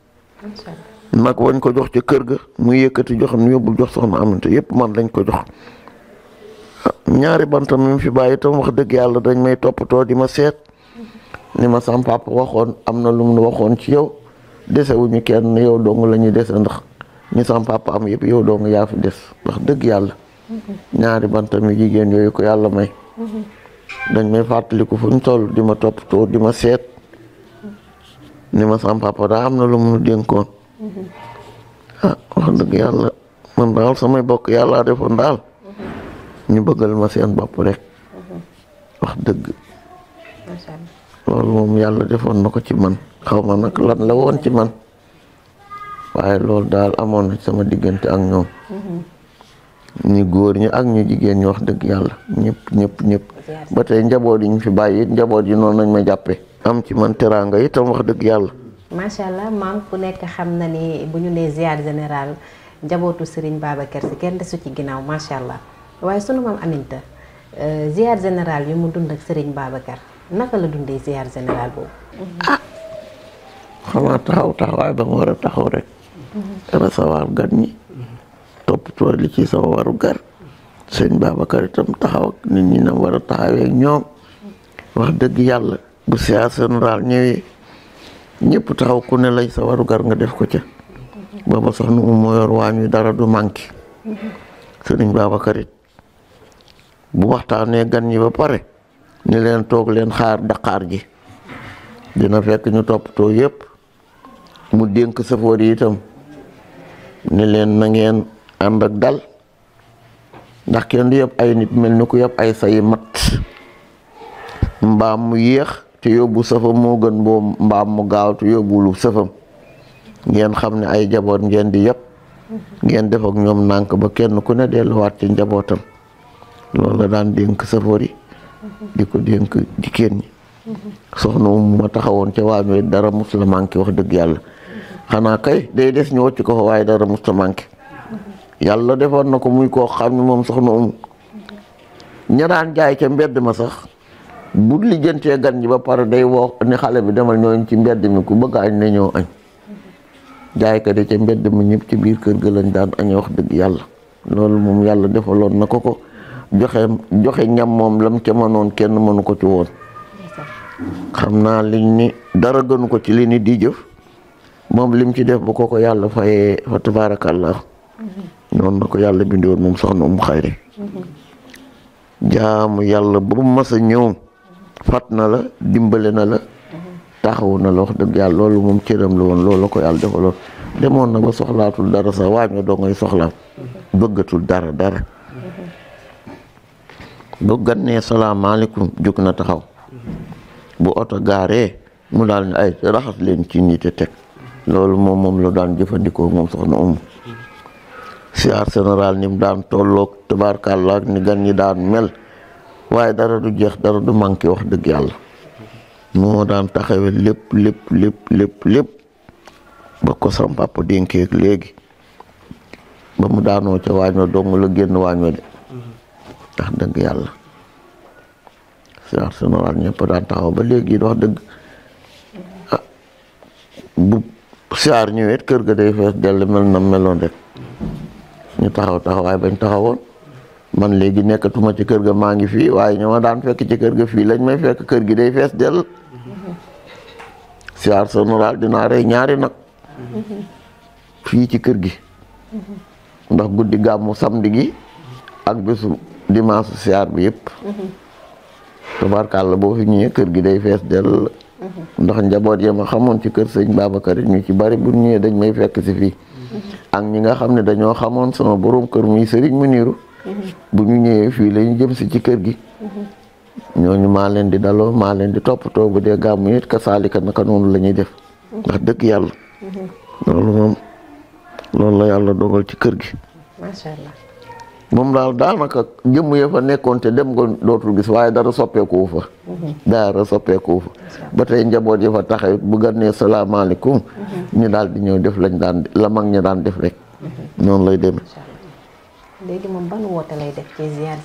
nag wañ ko jox ci kër ga mu yëkkati jox ñu yóbbul jox soxna Aminta yëpp man lañ ko jox ñaari bantam mi fi bàyyi itam wax dëgg yàlla dañ may toppatoo di ma seet ni ma sam papa waxon amna na lu mu waxon ci yow dese wuñu kenn yow dong ndax ni sam papa am yëpp yow dong ya fi des wax deug yalla ñaari bantam yu jigéen yooyu ko yalla may dañ may fàttaliku fu ñu toll di ma to di ma ni ma sam papa da amna na lu mu denko ah, wax deug yalla man dal samay bokk yalla defo dal ñu bëggal ma seen bop rek wax deug loolu mom yalla defon nako ci man xawma nak lan la won ci man waye loolu dal amone sama digeenti ak ñoom ni goor ñi ak ñu jigeen ñi wax deug yalla ñëpp ñëpp ñëpp ba tey njaboot yi ñu fi baye njaboot yi non nañ ma jappé am ci man teraanga itam wax dëgg yàlla macha allah maam ku nekk xam na ni bu ñu nee ziar général njabootu Serigne Babacar ci kenn dessu ci ginnaaw macha allah waaye sunu mam Aminta eh, ziar général yu mu dund ak Serigne Babacar naka la dundee ziar général boobu. ah xanaa taxaw taxawaay ba war a taxaw rek. recevoir mhm. gan ñi. toppatoo li ciy sama waru gar. sëñ Babacar taxaw nit ñi na war a taxawee ñoom. wax dëgg yàlla bu ziar général ñëwee ñëpp taxaw ku ne lay sa waru gar nga def ko ca. booba sax nu mu moo waañ wi dara du manqué. Mhm. sëriñ Babacar it bu waxtaanee gan ñi ba pare. ni leen toog leen xaar daqaar ji dina fekk ñu toppatoo yépp mu dénk safoor yi itam ni leen na ngeen ànd ak dal ndax kenn du yëpp ay nit mel ni ku yëpp ay sayi mat mbaam mu yéex te yóbbu safam moo gën boo mbaam mu gaaw te yóbbulu safam ngeen xam ne ay jaboot ngeen di yëpp ngeen def ak ñoom nànk ba kenn ku ne delluwaat ci njabootam loolu la daan dénk safoor yi di ko dénk jigéen ñi soxna moom ma taxawoon ca waa mi dara muslamanke wax dëgg yàlla xanaa kay day des ñu wàcc ko fa waaye dara muslamanke yàlla defoon na ko muy koo xam ne moom soxna um ña daan jaay ca mbedd ma sax bu lijjantee gan ñi ba pare day woo ni xale bi demal ñooñ ci mbedd mi ku bëgg añ ne ñoo jaaykat yi ca mbedd ma ñëpp ci biir kër ga lañ daan añ wax dëgg yàlla loolu moom yàlla defaloon na ko ko joxe joxe ñam mom lam ci mënon kenn mënu ko ci woon xamna liñ ni dara gënu ko ci liñ ni di jëf mom lim ci def bu ko ko yalla fayé fa tabarakallah non nako yalla bindi won mom soxna um xayri jaamu yalla bu mas a ñew fatna la dimbalé na la taxaw na la wax deug yalla loolu mom cëram la woon loolu la ko yàlla defaloon demone na ba soxlaatul dara sa waañ nga ngay soxla bëggatul dara dara bu gan nee salaamaaleykum jóg na taxaw bu oto gaaree mu daal ay raxas leen ci nii teg loolu moom moom la daan jëfandikoo moom soxna Umu siyaar général ni mu daan tolloog tabaarkàlla ni gan ñi daan mel waaye dara du jeex dara du manqué wax dëgg yàlla moo daan taxawe lépp lépp lépp lépp ba ko sam papa dénkeeg léegi ba mu daanoo ca waañ wa dong la génn waañ wa de dëgg yàlla Arsenal ñëpp daan taxaw ba léegi wax dëgg bu saar ñëwee kër ga day fees dell mel na melon rek ñu taxaw taxawaay bañ taxawoon man legi nekatuma ci kër ga maa ngi fii waaye ñoo daan fekk ci kër ga fi lañ may fekk kër gi day fees dell no Arsenal dina rey ñaari nak fi ci kër gi ndax guddi gàmmu samedi gi ak besu dimanche siyaar bi yëpp. tubaarkàlla boo fi ñëwee kër gi day fees dell. ndax njaboot ya ma xamoon ci kër sëñ Babacar ñu ci bari bu ñëwee dañ may fekk si fii. ak ñi nga xam ne dañoo xamoon sama borom kër muy sëriñ mu niiru bu ñu ñëwee fii la ñu si ci kër gi. ñooñu maa leen di daloo maa leen di toppatoo bu dee gàmmu nit ka saalika naka noonu la ñuy def. ndax dëkk yàlla. loolu moom loolu la yàlla dogal ci kër gi. moom daal daanaka jëmm ya fa nekkoon te dem nga dootul gis waaye dara soppeeku fa. Mhm. dara soppeeku fa. ba tey njaboot ya fa taxawit bu gan nee salaamaaleykum. Mhm. ñu daal di ñëw def lañ daan lamag mag ñu daan def rek. Mhm. noonu lay demee. léegi moom ban woote lay ah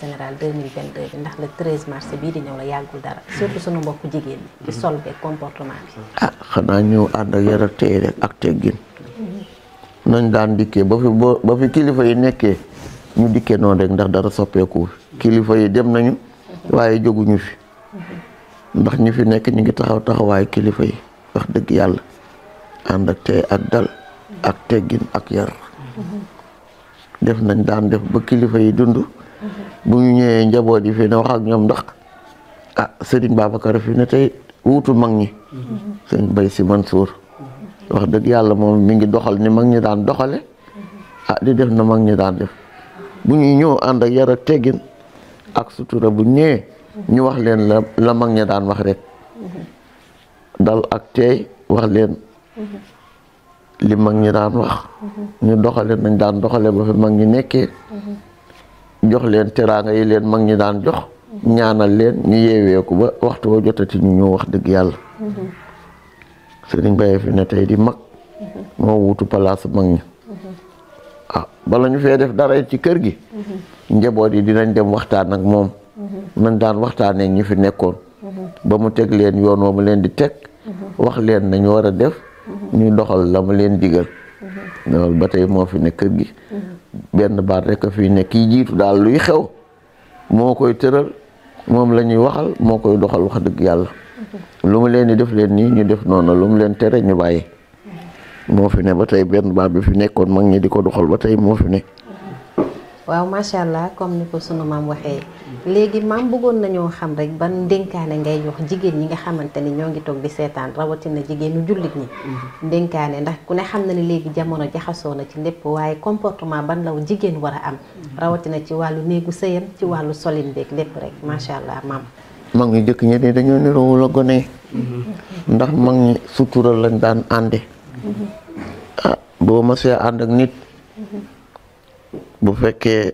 xanaa ñëw ànd ak yar nañ daan dikkee ba fi ba fi kilifa yi nekkee. ñu dikkee noonu rek ndax dara soppeeku kilifa yi dem nañu waaye jóguñu fi ndax ñu fi nekk ñu ngi taxaw taxawaayu kilifa yi wax dëgg yàlla ànd ak tey ak dal ak teggin ak yar def nañ daan def ba kilifa yi dund bu ñëwee njaboot yi fi ne wax ak ñoom ndax ah Serigne Babacar fi ne tey wuutu mag ñi sëñ Bay Si Mansour wax dëgg yàlla moom mi ngi doxal ni mag ñi daan doxale ah di def na mag ñi daan def bu ñuy ñëw ànd ak yar ak teggin ak sutura bu ñëwee ñu wax leen la la mag ña daan wax rek dal ak teey wax leen li mag ñi daan wax ñu doxale nañ daan doxale ba fi mag ñi nekkee jox leen teraanga yi leen mag ñi daan jox ñaanal leen ñu yeewee ko ba waxtu wa jotati ñu ñëw wax dëgg yàlla Sëriñ Baye fi ne tey di mag moo wutu palaasu mag ñi ah bala ñu fee def dara ci kër gi mhm. njaboot yi dinañ dem waxtaan ak moom mën mhm. daan waxtaanee ñu fi nekkoon mhm. ba mu teg leen yoon wa mu leen di teg wax leen nañu war a def ñu doxal la mu leen digal loolu ba tey moo fi ne kër gi benn baat rek a fi ne kii jiitu daal luy xew moo koy tëral moom lañuy ñuy waxal moo koy doxal wax dëgg yàlla lu mu leen di def leen nii ñu def noonu lu mu leen tere ñu bàyyi moo fi ne ba tey benn baat bi fi nekkoon mag ñi di ko doxal ba tey moo fi ne. waaw macha allah comme ni ko sunu maam waxee léegi maam bëggoon nañoo xam rek ban ndénkaane ngay jox jigéen ñi nga xamante ni ñoo ngi toog di seetaan rawatina jigéenu jullit ñi. Mm-hmm. ndénkaane ndax ku ne xam na ni léegi jamono jaxasoo na ci lépp waaye comportement ban law jigéen war a am mm-hmm. rawatina ci wàllu néegu sëyam ci wàllu solin beeg lépp rek macha allah maam. mag ñi jëkk ñi dañoo niroowul a gone. Mm-hmm. ndax mag ñi sutura lañ daan ànde Ah, bu ma sé and ak nit bu féké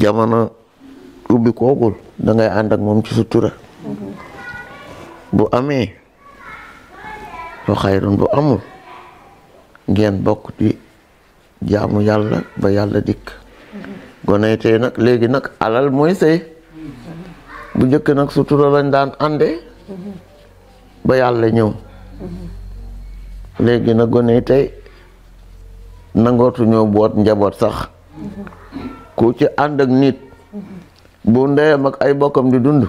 jamono ubi kogul da ngay and ak mom ci sutura bu amé bu khairun bu amul ngeen bokk di jamu yalla ba yalla dik gone tey nak léegi nak alal moy sëy bu njëkk nak sutura lañ daan andé ba yalla ñëw léegi na gone yi tey nangootuñoo boot njaboot sax ku ci ànd ak nit bu ndeyam ak ay bokkam di dund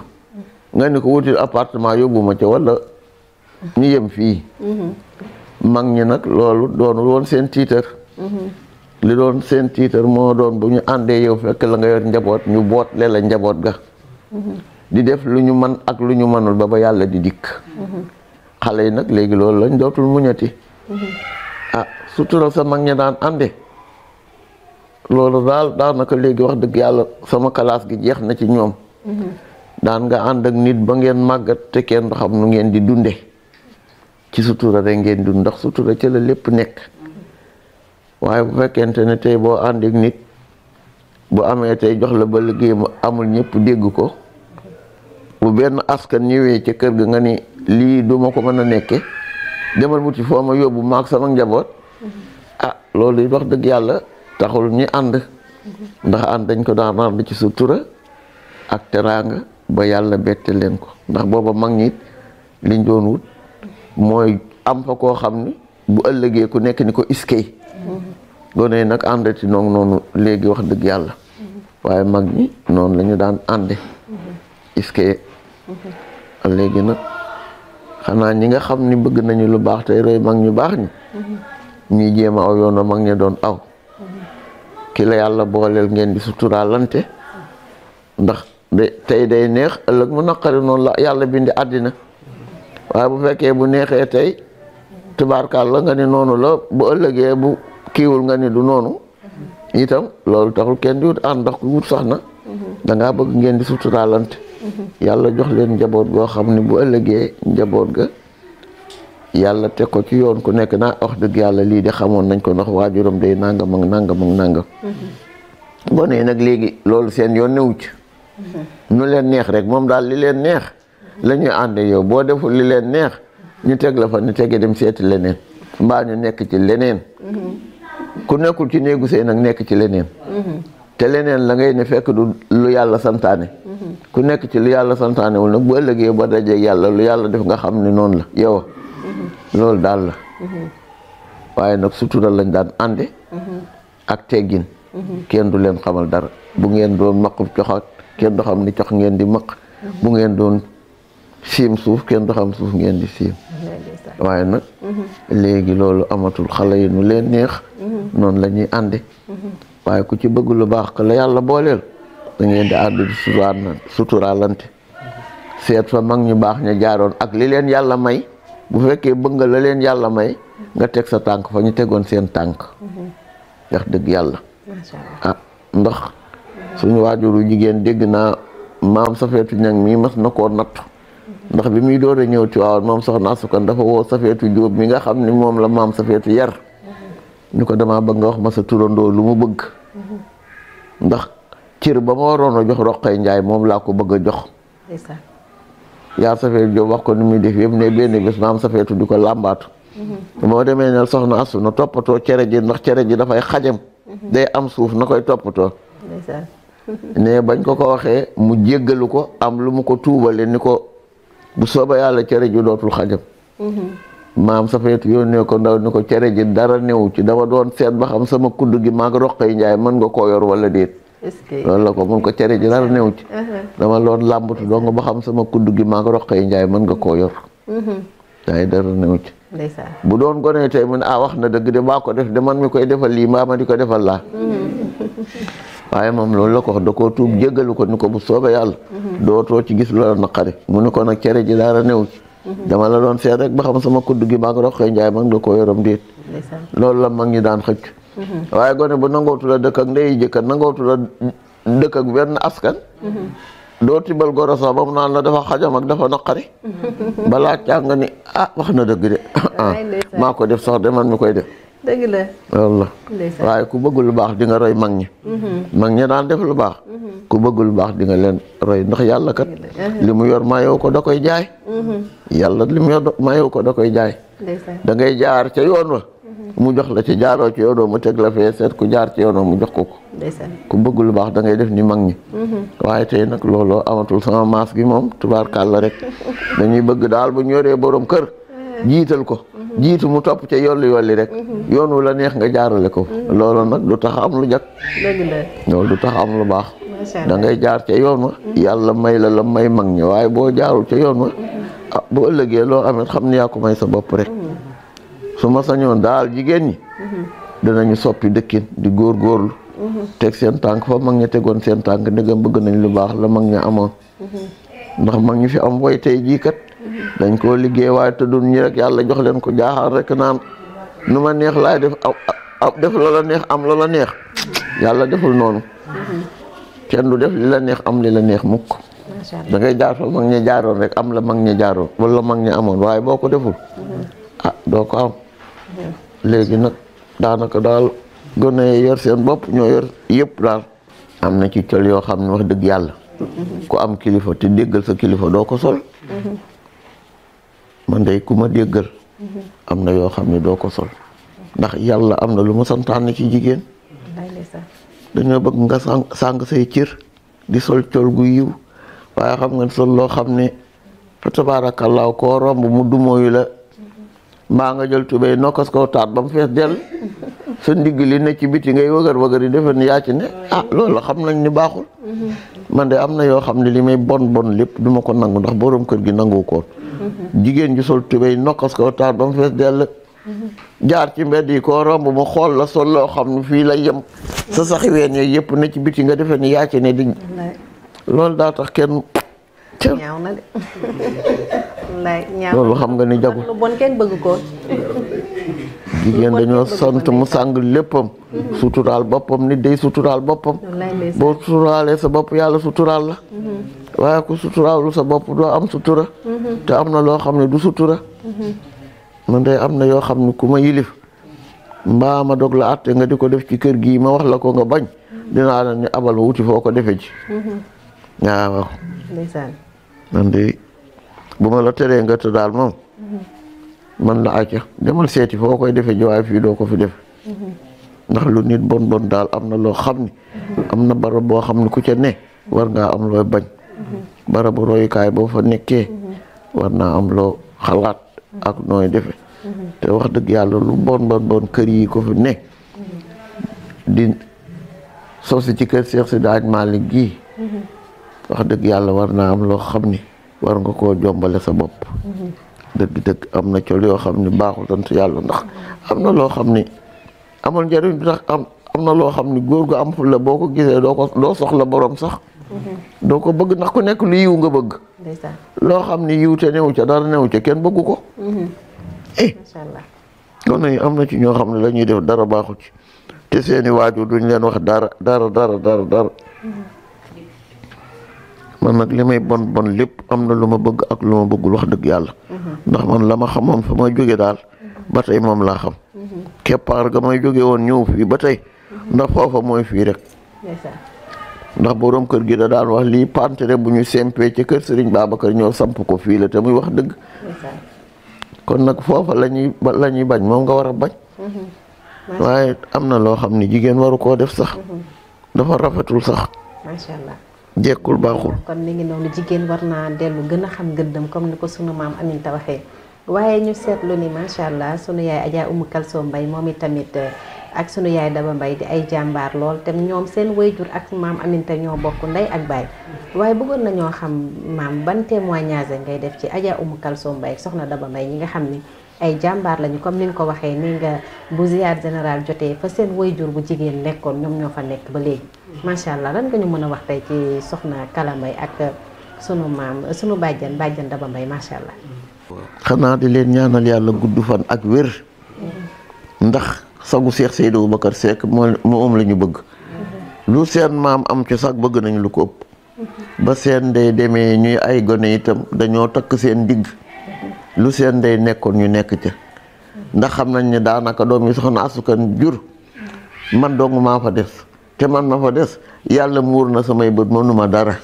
nga ni ko wutil appartement yóbbuma ca walla ñu yem fii mag ñi nag loolu doonul woon seen tiitar li doon seen tiitar moo doon bu ñu àndee yow fekk la nga njaboot ñu boot lee njaboot ga di def lu ñu man ak lu ñu manul ba ba yàlla di dikk xale yi nag léegi loolu lañ dootul muñati mm-hmm. ah surtout la sa mag ñi daan ànde loolu daal daanaka léegi wax dëgg yàlla sama kalaas gi jeex na ci ñoom mm-hmm. daan nga ànd ak nit ba ngeen màggat te kenn du xam nu ngeen di dunde ci sutura rek ngeen dund ndax sutura ca la lépp nekk mm-hmm. waaye bu fekkente ne tey boo ànd nit bu amee tey jox la ba liggéey amul ñëpp dégg ko bu benn askan ñëwee ca kër ga nga ni lii du ma ko mën a nekke demal wuti foo ma yóbbu maak sama njaboot mhm. ah loolu it wax dëgg yàlla taxul ñu ànd mhm. ndax ànd dañ ko daan ànd ci sutura ak teraanga ba yàlla bette leen ko ndax booba mag ñi liñ doon wut mooy am fa koo xam ni bu ëllëgee ku nekk ni ko iskay mhm. gone nag àndati noonu noonu léegi wax dëgg yàlla waaye mag ñi noonu lañu daan ànde iskay léegi nag xana ñi nga xam ni bëgg nañu lu baax tay roy mag ñu baax ñi ñuy jéem a aw yoona mag ña doon aw ki la yalla bolel ngeen di suturaalante ndax de tey day neex ëlëk mu naqari non la yalla bindi adina waaye bu fekke bu neexé tay tubaarkaal la nga ni nonu la bu ëlëgé bu kiwul nga ni du nonu itam loolu taxul kenn di wut ànd ndax ku wut saxna mm-hmm. da nga bëgg ngeen di suturaalante yàlla jox leen njaboot goo xam ne bu ëllëgee njaboot ga yàlla te ko ci yoon ku nekk naa wax dëgg yàlla lii de xamoon nañ ko ndax waajuram day nangam ak nangam ak nangam. Mm-hmm. boo nee nag léegi loolu seen yoon newu ci mm-hmm. nu leen neex rek moom daal li leen neex la ñuy boo deful li leen neex ñu teg la fa ñu tege dem seeti leneen mbaa ñu nekk ci leneen mm-hmm. ku nekkul ci néegu sëy nag nekk ci leneen te leneen la ngay ne fekk du lu yàlla santaane ku nekk ci lu yàlla santaanewul nag bu ëllëgee ba dajee yàlla lu yàlla def nga xam ne noonu la yow loolu daal la waaye nag sutural lañ daan ànde ak teggin kenn du leen xamal dara bu ngeen doon maqub coxaat kenn du xam ni cox ngeen di maq bu ngeen doon siim suuf kenn du xam suuf ngeen di siim waaye nag léegi loolu amatul xale yi nu leen neex noonu la ñuy ànde waaye ku ci bëgg lu baax la yàlla booleel dañ leen di àddu di suturaalante seet fa mag ñu baax ña jaaroon ak li leen yàlla may bu fekkee bëgg nga la leen yàlla may nga teg sa tànk fa ñu tegoon seen tànk wax dëgg yàlla ah, ndax suñu waajuru jigéen dégg naa maam safeetu ñag mii mas na koo natt ndax bi muy door a ñëw ci moom maam soxna sukan dafa woo safeetu jóob mi nga xam ni moom la maam safeetu yar ñu ko dama bëgg nga wax ma sa turandoo lu mu bëgg mm-hmm. ndax cër ba ma waroon a jox Roqay Njaay moom laa ko bëgg a jox yaa safee Jóob wax ko ni muy def yëpp ne benn bés maam safeetu di ko làmbaatu moo mm-hmm. demee ne soxna asu na toppatoo cere ji ndax cere ji dafay xajam mm-hmm. day am suuf na koy toppatoo ne bañ ko ko waxee mu jéggalu ko am lu mu ko tuubale ni ko bu sooba yàlla cere ji dootul xajam mm-hmm. maam safeetu yónnee ko ndaw ni ko cere ji dara newu ci dama doon seet ba xam sama kudd gi maag Roqay Njaay mën nga koo yor wala déet loolu la ko mun ko cere ji dara new ci uh-huh. dama loon làmbatu doo nga sama kudd gi maa ko roqee njaay mën nga koo yor waaye uh-huh. dara new ci bu doon tey mu ne ah, wax na dëgg de maa def de man koy defal lii mbaa ma di ko defal laa uh-huh. moom loolu la ko wax da ko ni ko bu soobee yàlla dootoo ci gis loola naqari mu ne ko nag cere ji dara new ci dama la doon seet rek ba xam sama kudd gi maa ko roqee njaay mën nga koo yoram déet loolu la mag ñi daan xëcc waaye gone bu nangootu la dëkk ak ndeyu jëkkër nangootu la dëkk ak benn askan. doo tibal goro sax ba mu naan la dafa xajam ak dafa naqari. balaa caa nga ni ah wax na dëgg de. maa ko def sax de man mi koy def. dëgg la waaye ku bëggul lu baax di nga roy mag ñi mm-hmm. mag ñi naan def lu baax mm-hmm. ku bëgg lu baax di nga leen roy ndax yàlla kat uh-huh. li mu yor mayow ko da koy jaay mm-hmm. yàlla li mu yor mayow ko da koy jaay da ngay jaar yoon wa mu jox la ci jaaroo ci yoonoo mu teg la fee seet ku jaar ci yoonoo mu jox ko ko ku bëgg lu baax dangay def ni mag ñi mm-hmm. waaye tey nag looloo amatul sama maas gi moom tubaarkàl la rek dañuy bëgg daal bu ñoree boroom kër jiital ko mm-hmm. jiitu mu topp ca yoon yolli rek mm-hmm. yoonu la neex nga jaarale ko loolu nag du tax am lu jag loolu du tax am lu baax da ngay jaar ca yoon ma yàlla may la la may mag ñi waaye boo jaarul ca yoon wa a ah, bu ëllëgee loo amit xam ne yaa ko may sa bopp rek su ma sañoon daal jigéen ñi dinañu soppi dëkkin di góor góorgóorlu teg seen tànk fa mag ña tegoon seen tànk ndegam bëgg nañ lu baax la mag ña amoon ndax mag ñi fi am woy tey jii kat dañ koo liggéey waaye tëddun ñi rek yàlla jox leen ko jaaxal rek naan nu ma neex laay def a neex am loola neex yàlla deful noonu kenn du def li la neex am li la neex mukk da ngay jaar fa mag ña jaaroon rek am la mag ña jaaroon wala mag ña amoon waaye boo ko deful ah doo ko am léegi nag daanaka daal gone yor seen bopp ñoo yor yëpp daal am na ci col yoo xam ne wax dëgg yàlla ku am kilifa te déggal sa kilifa doo ko sol man day ku ma déggal am na yoo xam ne doo ko sol ndax yàlla am na lu ma mu na ci jigéen dañoo bëgg nga sàng say cër di sol col gu yiw waaye xam nga sol loo xam ne fa tabaarakallaahu koo romb mu dumóoyu la maa nga jël tubéy nokkas ko taat ba mu fees dell sa ndigg li ne ci biti ngay wëgër wëgër yi defe ni yaa ci ne ah loolu xam nañ ni baaxul man de am na yoo xam ne li may bon bon lépp duma ko nangu ndax borom kër gi nangu koon jigéen ju sol tubéy nokkas ko taat ba mu fees dell jaar ci mbedd yi koo romb mu xool la sol loo xam ne fii la yem sa saxi ween yëpp ne ci biti nga defe ni yaa ci ne di loolu daa tax kenn ñaaw loolu xam nga ni jagu lu bon kenn bëgg ko. jigéen dañoo sant mu sàng léppam. suturaal boppam nit day suturaal boppam. boo suturaalee sa bopp yàlla suturaal la. waaye ku suturaalu sa bopp doo am sutura. te am na loo xam ne du sutura. man day am na yoo xam ne ku ma yilif. mbaa ma dog la àtte nga di ko def ci kër gii ma wax la ko nga bañ. dinaa la ne abal wuti foo ko defee ji. waaw. man bu ma la teree nga te daal moom man la acca demal seeti foo koy defee jiwaay fii doo ko fi def ndax lu nit bon bon daal am na loo xam ni am na barab boo xam ne ku ca ne war ngaa am looy bañ barabu royukaay boo fa nekkee war naa am loo xalaat ak nooy defe te wax dëgg yàlla lu bon bon bon kër yi ko fi ne di sosi ci kër Seex Si Daaj Maalik gi wax dëgg yàlla war naa am loo xam ni war nga koo jombale sa bopp dëgg-dëgg am na col yoo xam ni baaxul sant yàlla ndax am na loo xam ni amul njëriñ ndax am am na loo xam ni góor gu am ful la boo ko gisee doo ko doo soxla boroom sax doo ko bëgg ndax ku nekk lu yiw nga bëgg loo xam ni yiw te newu ca dara newu ca kenn bëggu ko eh kon am na ci ñoo xam ne la ñuy def dara baaxu ci te seeni waajur duñ leen wax dara dara dara dara dara man nag li may bon bon lépp am na lu ma bëgg ak lu ma bëggul wax dëgg yàlla. Mm-hmm. ndax man la ma xamoon fa ma jóge daal. Mm-hmm. ba tey moom laa xam. Mm-hmm. keppaar ga may jóge woon ñëw fii ba tey. ndax foofa mooy fii rek. ndax borom kër gi da daan wax lii pantere bu ñu sempee ci kër Serigne Babacar ñëw samp ko fii la te muy wax dëgg. kon nag foofa la ñuy la bañ moom nga war a bañ. waaye am na loo xam ni jigéen waru koo def sax. dafa rafetul sax. jekkul baaxul. kon mi ngi noonu jigéen war naa dellu gën a xam gëddam comme ni ko sunu maam Aminta waxee waaye ñu seetlu ni macha allah sunu yaay Adja Umu Kalsoom Mbay moom itamit eh, ak sunu yaay Daba Mbay di ay jàmbaar lool te ñoom seen wayjur ak maam Aminta ñoo bokk ndey ak baay waaye bëggoon na ñoo xam maam ban témoignage ngay def ci Adja Umu Kalsoom Mbay soxna Daba Mbay ñi nga xam ni. ay jàmbaar lañu comme ni nga ko waxee ni nga bu ziar général jotee fa seen wayjur bu jigéen nekkoon ñoom ñoo fa nekk ba léegi macha allah lan nga ñu mën a wax tey ci soxna Kala ak sunu maam sunu bàjjan bàjjan Daba Mbaye macha allah. xanaa di leen ñaanal yàlla gudd fan ak wér ndax sagu Seex Seydou Aboubacar Seck moom la ñu bëgg lu seen maam am ci sag bëgg nañ lu ko ëpp ba seen day demee ñuy ay gone itam dañoo takk seen digg lu seen ndey nekkoon ñu nekk ca ndax xam nañ ne daanaka doom yi soxna asukan jur man dong maa fa des te man ma fa des yàlla muur na samay bët mënuma dara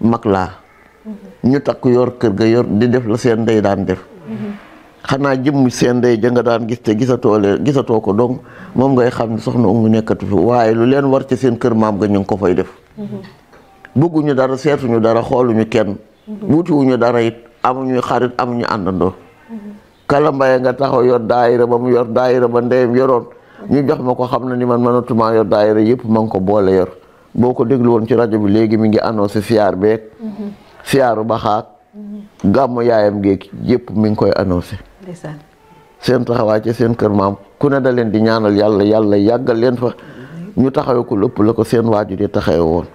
mag laa ñu takk yor kër ga yor di def la seen ndey daan def xanaa jëmm seen ndey ja nga daan gis te gisatoo leen gisatoo ko donc moom ngay xam ne soxna umu nekkatu fi waaye lu leen war ci seen kër maam ga ñu ngi ko fay def bëgguñu dara seetuñu dara xooluñu kenn wutiwuñu dara it amuñu xarit amuñu àndandoo kala mbaye nga taxaw yor daayira ba mu yor daayira ba ndeyam yoroon ñu jox ma ko xam na ni man mënatumaa yor daayira yëpp ma ngi ko boole yor boo ko dégluwoon ci rajo bi léegi mi ngi annoncé siyaar beeg siyaaru baxaak gàmmu yaayam géeg yëpp mi ngi koy annoncé seen taxawaay ci seen kër maam ku ne da leen di ñaanal yàlla yàlla yàggal leen fa ñu taxawee ko lépp la ko seen waajur yi taxawee woon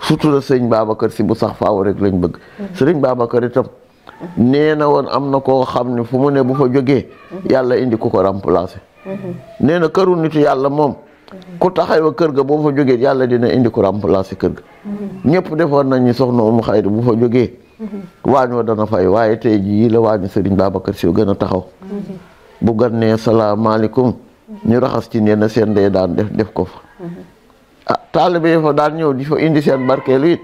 sutura sëñ Babacar si bu sax faaw rek lañ bëgg sëriñ Babacar itam nee na woon am na koo xam ne fu mu ne bu fa jógee yàlla indi ku ko remplacer nee na këru nitu yàlla moom ku taxaw kër ga boo fa jógee yàlla dina indi ku remplacer kër ga ñëpp defoon nañ ni soxna Umu Xayri bu fa jógee waañoo dana fay waaye tey ji la waañu sëriñ Babacar si gën a taxaw bu gan nee salaamaaleykum ñu raxas ci nee na seen day daan def def ko fa ah taalibe yi fa daan ñëw di fa indi seen barkeelu it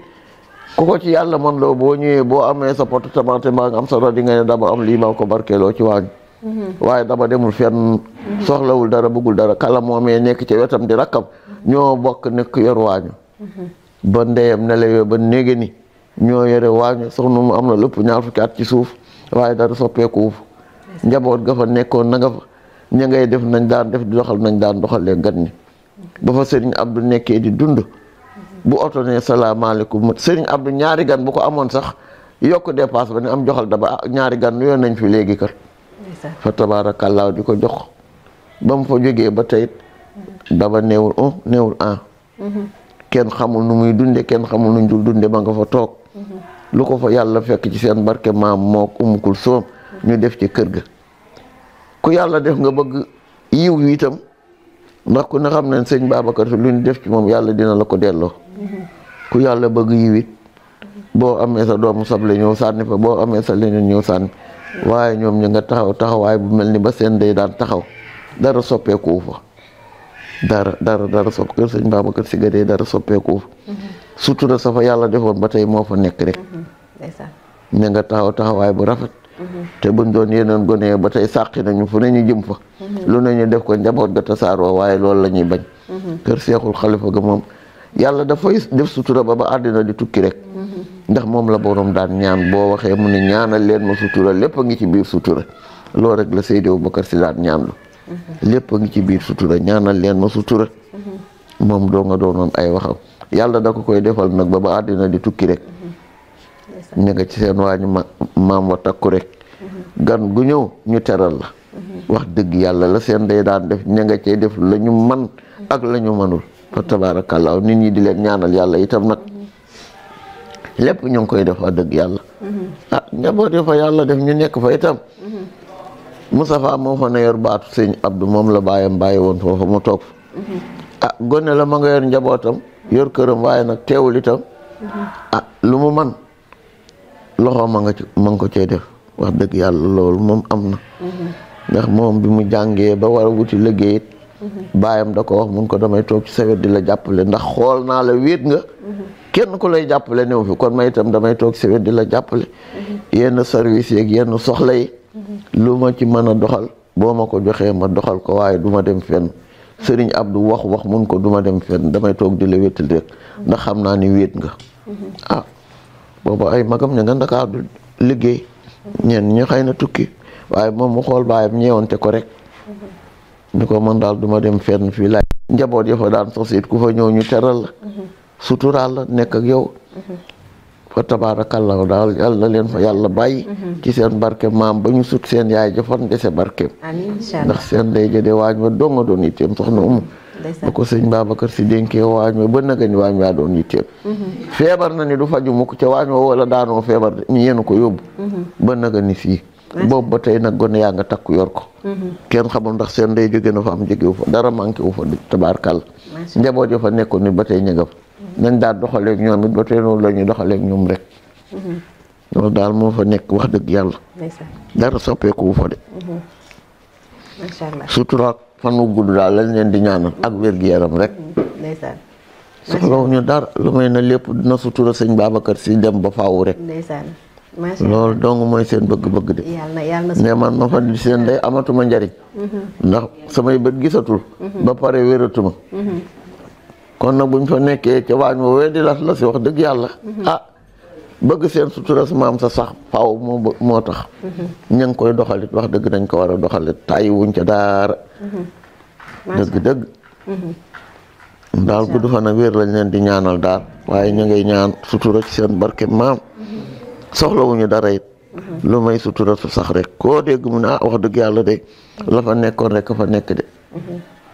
ku ko ci yàlla man loo boo ñëwee boo amee sa pot tomate mbaa nga am sa rodi nga ne dama am lii maa ko barkeeloo ci waañ mhm. waaye dama demul fenn mhm. soxlawul dara bëggul dara kala moomee nekk ci wetam di rakkam ñoo bokk nekk yor waañu mhm. ba ndeyam nelawee ba néega ni ñoo yore waañu soxna mu am na lépp ñaar fukki at ci suuf waaye dara soppeekuwuf njaboot ga fa nekkoon na fa ña ngay def nañ daan def di doxal nañ daan doxal leen gan ni ba fa Serigne Abdou nekkee di dund bu oto ne salaamaaleykum Serigne Abdou ñaari gan bu ko amoon sax yokk dépasse ba ne am joxal daba ñaari gan nuyoon nañ fi léegi kat fa tabaarakallaahu di ko jox ba mu fa jógee ba tey daba néewul un néewul an mhm. kenn xamul nu muy dunde kenn xamul nu dul dunde ba nga fa toog mhm. lu ko fa yàlla fekk ci seen barke maam mook umukul soom ñu def ci kër ga ku yàlla def nga bëgg yiw wi itam ndax ku ne xam ne sëñ Babacar Si lu ñu def ci moom yàlla dina la ko delloo ku yàlla bëgg yiwit boo amee sa doomu sable ñëw sànni fa boo amee sa leneen ñëw sànni waaye ñoom ñu nga taxaw taxawaay bu mel ni ba seen day daan taxaw dara soppeeku fa dara dara dara sopp kër sëñ Babacar Si gadee dara soppeeku mm-hmm. surtout na sa fa yàlla defoon ba tey moo fa nekk rek mm-hmm. ñu nga taxaw taxawaay bu rafet te buñ doon yeneen gone ba tey sàqi nañu fu ne ñu jëm fa lu ne ñu def ko njaboot ga tasaaroo waaye loolu lañuy ñuy bañ kër seexul xalifa ga moom yàlla dafay def sutura ba ba àddina di tukki rek ndax moom la borom daan ñaan boo waxee mu ne ñaanal leen ma sutura lépp a ngi ci biir sutura loolu rek la Seydi Aboubacar Sy daan ñaanlu lépp ngi ci biir sutura ñaanal leen ma sutura moom doo nga doonoon ay waxam yàlla da ko koy defal nag ba ba àddina di tukki rek ñu ci seen waañu ma maam wa takku rek mm-hmm. gan gu ñëw ñu teral la mm-hmm. wax dëgg yàlla la seen day daan def ña nga cee def lañu man mm-hmm. ak la ñu manul fa tabaarakallaa nit ñi di leen ñaanal yàlla itam nag lépp ñu ngi koy def wax dëgg yàlla ah njaboot yi fa yàlla def ñu nekk fa itam Moustapha moo fa na yor baatu sëñ Abdou moom la bàyyam bàyyi woon foofu mu toog ah gone la ma nga yor njabootam yor këram waaye nag teewul itam ah lu mu man loxo ma nga ci nga ko cee def wax dëgg yàlla loolu moom am na ndax moom bi mu jàngee ba war a wuti liggéey it baayam da ko wax mun ko damay toog ci sa wet di la jàppale ndax xool naa la wéet nga kenn ku lay jàppale néew fi kon ma itam damay toog ci di la jàppale yenn service yeeg yenn soxla yi lu ma ci mën a doxal boo ma ko joxee ma doxal ko waaye duma dem fenn sëriñ Abdou wax wax mun ko duma dem fenn damay toog di la wéetal rek ndax xam naa ni wéet nga ah. booba ay magam ña nga Ndakaar du liggéey ñenn ñi xëy na tukki waaye moom mu xool baayam ñeewante ko rek ni ko man daal duma dem fenn fii laaj njaboot ya fa daan sos ku fa ñëw ñu teral la suturaal la nekk ak yow fa tabaarakallaahu daal yàlla leen fa yàlla bàyyi ci seen barke maam ba ñu sut seen yaay jëfan dese barkeem ndax seen day jëde waañ wa donga doon itteem soxna umu ba ko sëñ Babacar si dénkee waañ ma ba nagañ waañ waa doon yitteem mhm. feebar na ni du faju mukk ca waañ wa wala daanoo feebar ñu yenu ko yóbbu mhm. ba naga ni fii boobu ba tey nag gone yaa nga takku yor ko mhm. kenn xamul ndax seen day jóge na fa am jógewu fa dara manqué wu fa tabaarkàlla njaboot yo fa nekkoon nit ba tey ñëgam nañ daal doxaleeg ñoom it ba tey noonu la ñuy doxaleeg ñoom rek loolu daal moo fa nekk wax dëgg yàlla dara soppeeku wu fa de fanu gudd daal lañ leen di ñaanal ak wér-gu-yaram rek ndeysaan soxlawuñu dara lu may na lépp dina sutura sëñ Babacar si dem ba faaw rek ndeysaan loolu dong mooy seen bëgg-bëgg de ne man ma fa di seen day amatuma njariñ mm-hmm. ndax samay bët gisatul mm-hmm. ba pare wératuma mm-hmm. kon nag buñ fa nekkee ca waañ wa wee di las la si wax dëgg yàlla ah, bëgg seen sutura sama am sa sax faaw mo mo tax mm-hmm. ñang koy doxalit wax deug dañ ko wara doxalit tay wuñ ca daara deug deug dal gudd fan ak wër lañ leen di ñaanal daal waye ñu ngay ñaan sutura ci seen barke maam mm-hmm. wuñu dara it mm-hmm. lu may sutura su sax rek ko dégg mu na ah, wax deug yalla de la fa nekkon rek fa nekk de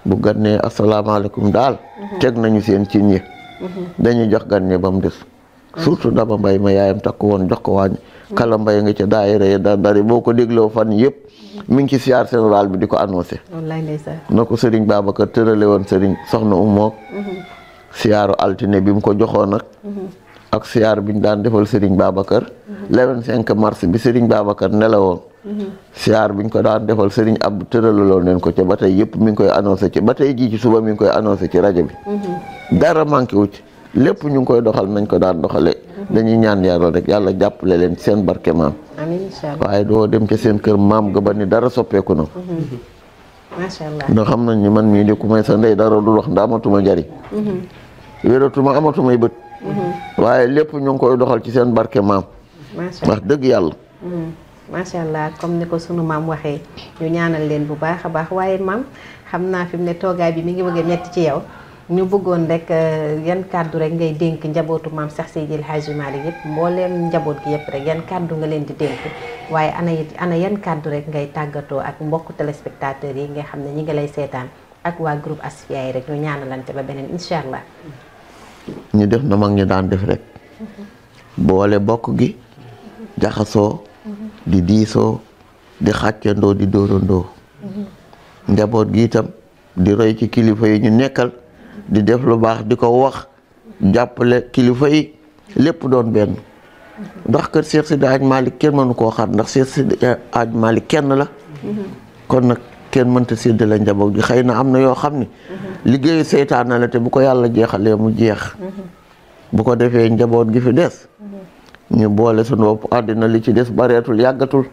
bu gan assalamu alaykum daal tek nañu seen ci ñi dañu jox bam surtout daba mbay ma yaayam takk woon jox ko waañ kala mbay nga ca daayira ya da dari boo ko dégloo fan yëpp mi ngi ci siyaar général bi di ko annoncé na ko sëriñ Babacar tërale woon sëriñ soxna umoog mhm. siyaaru altine bi mu ko joxoon nag mhm. ak siyaar bi ñu daan defal sëriñ Babacar mhm. le vingt-cinq mars bi sëriñ Babacar nelawoon siyaar bi ñu ko daan defal sëriñ Abdou tëralaloon neen ko ca ba tey yëpp mi ngi koy annoncé ci ba tey jii ci suba mi ngi koy annoncé ci rajo bi ci lépp ñu ngi koy doxal nañ ko daan doxalee. dañuy ñaan yàlla rek yàlla jàppale leen seen barke maam. amiin waaye doo dem ca seen kër maam ga ba ni dara soppeeku na. Mm-hmm. macha ndax xam nañ ni man mii di ku may sa ndey dara du wax ndax amatuma njariñ. Mm-hmm. wératuma amatumay bët. Mm-hmm. waaye lépp ñu ngi koy doxal ci seen barke maam. macha wax dëgg yàlla. macha allah comme ni ko sunu maam waxee ñu ñaanal leen bu baax a baax waaye maam xam naa fi mu ne toogaay bi mi ngi bëgg a ci yow. ñu bëggoon rek euh, yan kàddu rek ngay dénk njabootu maam sax Cheikh Seydil Hadji Malick yëpp mbooleem njaboot gi yëpp rek yan kàddu nga leen di dénk waaye ana it yan kàddu rek ngay tàggatoo ak mbokku téléspectateurs yi nga xam ne ñi ngi lay seetaan ak waa groupe Asfiyahi rek ñu ñaanalante ba beneen incha allah. ñu def na mag ñu daan def rek. boole bokk gi. jaxasoo. di diisoo. di xàccandoo di dóorandoo. Mm-hmm. njaboot gi itam di roy ci kilifa yi ñu nekkal. di def lu baax di ko wax jàppale kilifa yi lépp doon benn ndax kër Cheikh Sidi Aj kenn mënu koo xaar ndax Cheikh Sidi Aj Malick kenn la kon nag kenn mënta séddale njaboot gi xëy na am na yoo xam ni liggéeyu seytaan na la te bu ko yàlla jeexalee mu jeex bu ko defee njaboot gi fi des ñu boole suñu bopp àddina li ci des bareetul yàggatul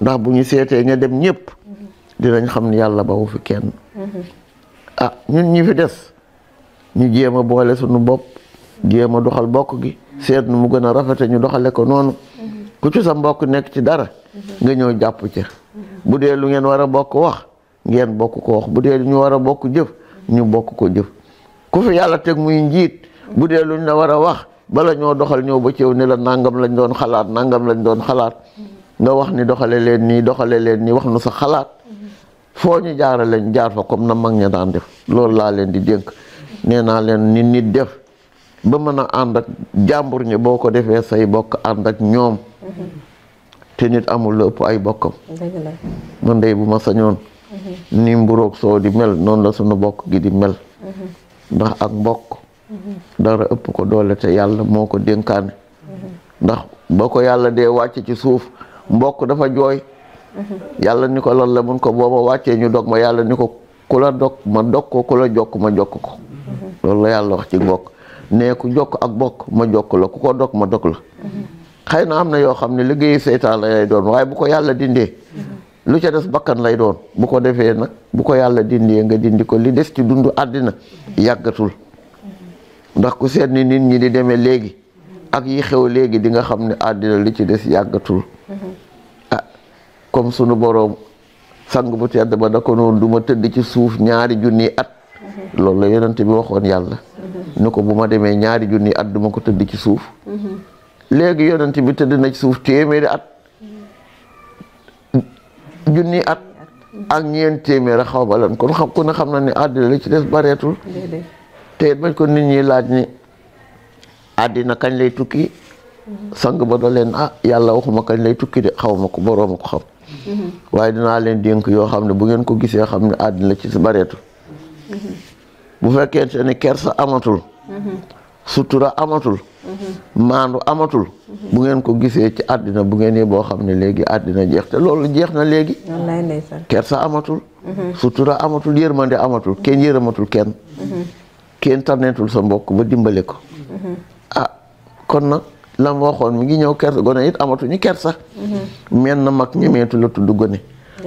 ndax bu ñu seetee ña dem ñëpp dinañ xam ne yàlla bawu fi kenn ah ñun ñi fi des ñu jéem a boole suñu bopp jéem a doxal bokk gi seet nu mu gën a rafete ñu doxale ko noonu ku ci sa mbokk nekk ci dara nga ñëw jàpp ca bu dee lu ngeen war a bokk wax ngeen bokk ko wax bu dee lu ñu war a bokk jëf ñu bokk ko jëf ku fi yàlla teg muy njiit bu dee luñ la war a wax bala ñoo doxal ñëw ba ceew ni la nangam lañ doon xalaat nangam lañ doon xalaat nga wax ni doxale leen nii doxale leen nii wax nu sa xalaat foo ñu jaara lañ jaar fa comme na mag ña daan def loolu laa leen di dénk nee naa leen nit nit def ba mën a ànd ak jàmbur ñi boo ko defee say bokk ànd ak ñoom te nit amul la ëpp ay bokkam man de bu ma sañoon mhm. ni mburoog soo di mel noonu la sunu bokk gi di mel mhm. ndax ak mbokk mhm. dara ëpp ko doole te yàlla moo ko dénkaane ndax boo ko yàlla dee wàcce ci suuf mbokk dafa jooy yàlla ni ko lan la mun ko boo wàccee ñu dog ma yàlla ni ko ku la dog ma dog ko ku la jokk ma jokk ko loolu la yàlla wax ci mbokk ne ku jokk ak bokk ma jokk la ku ko dog ma dog la xëy na am na yoo xam ne liggéeyu seytaan la lay doon waaye bu ko yàlla dindee lu ca des bakkan lay doon bu ko defee nag bu ko yàlla dindee nga dindi ko li des ci dund àddina yàggatul ndax ku seet ni nit ñi di demee léegi ak yi xew léegi di nga xam ne àddina li ci des yàggatul ah comme sunu boroom sang bu tedd ba da ko noonu du tëdd ci suuf ñaari junni at loolu la yonent bi waxoon yàlla ni ko bu ma demee ñaari junni at duma ko tëdd ci suuf léegi yonent bi tëdd na ci suuf téeméeri at junni at ak ñeent téeméer a xaw ba lan kon xam ku ne xam na ne àddina la ci des bareetul te bañ ko nit ñi laaj ni àddina kañ lay tukki sang ba da leen ah yàlla waxuma kañ lay tukki de xaw ma ko boroom a ko xam mhm. waaye dinaa leen dénk yoo xam ne bu ngeen ko gisee xam ne àddina la ci bareetul bu fekkee te ni kersa amatul sutura amatul maandu amatul bu ngeen ko gisee ci àddina bu ngeen yi boo xam ne léegi àddina jeex te loolu jeex na léegi kersa amatul mhm. sutura amatul yërmande amatul kenn yërëmatul kenn mhm. kenn tànneetul sa mbokk ba dimbale ko mhm. ah kon nag lam waxoon mi ngi ñëw kersa gone it amatuñu kersa men na mag ñemeetu la tudd gone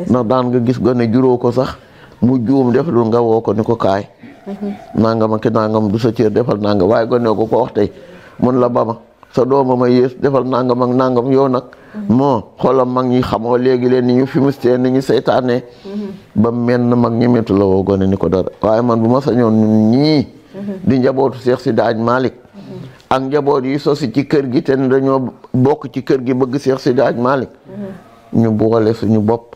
ndax daan nga gis gone juróo ko sax mu juum def lu nga woo ko ni ko kaay nangam ak nangam du sa cër defal nangam waaye gone ko ko wax tey mën la ba ma sa dooma ma yées defal nangam ak nangam yow nag moo xoolam mag ñi xamoo léegi leen ni ñu fi mustee ni ñu seytaanee mm-hmm. ba menn mag ñi méttu la woo gone ni ko dara waaye man bu ma sañoon ñun ñii mm-hmm. di njabootu Seex si daaj Malick mm-hmm. ak njaboot yi sosi ci kër gi te dañoo bokk ci kër gi bëgg Seex si daaj Malick ñu boole suñu bopp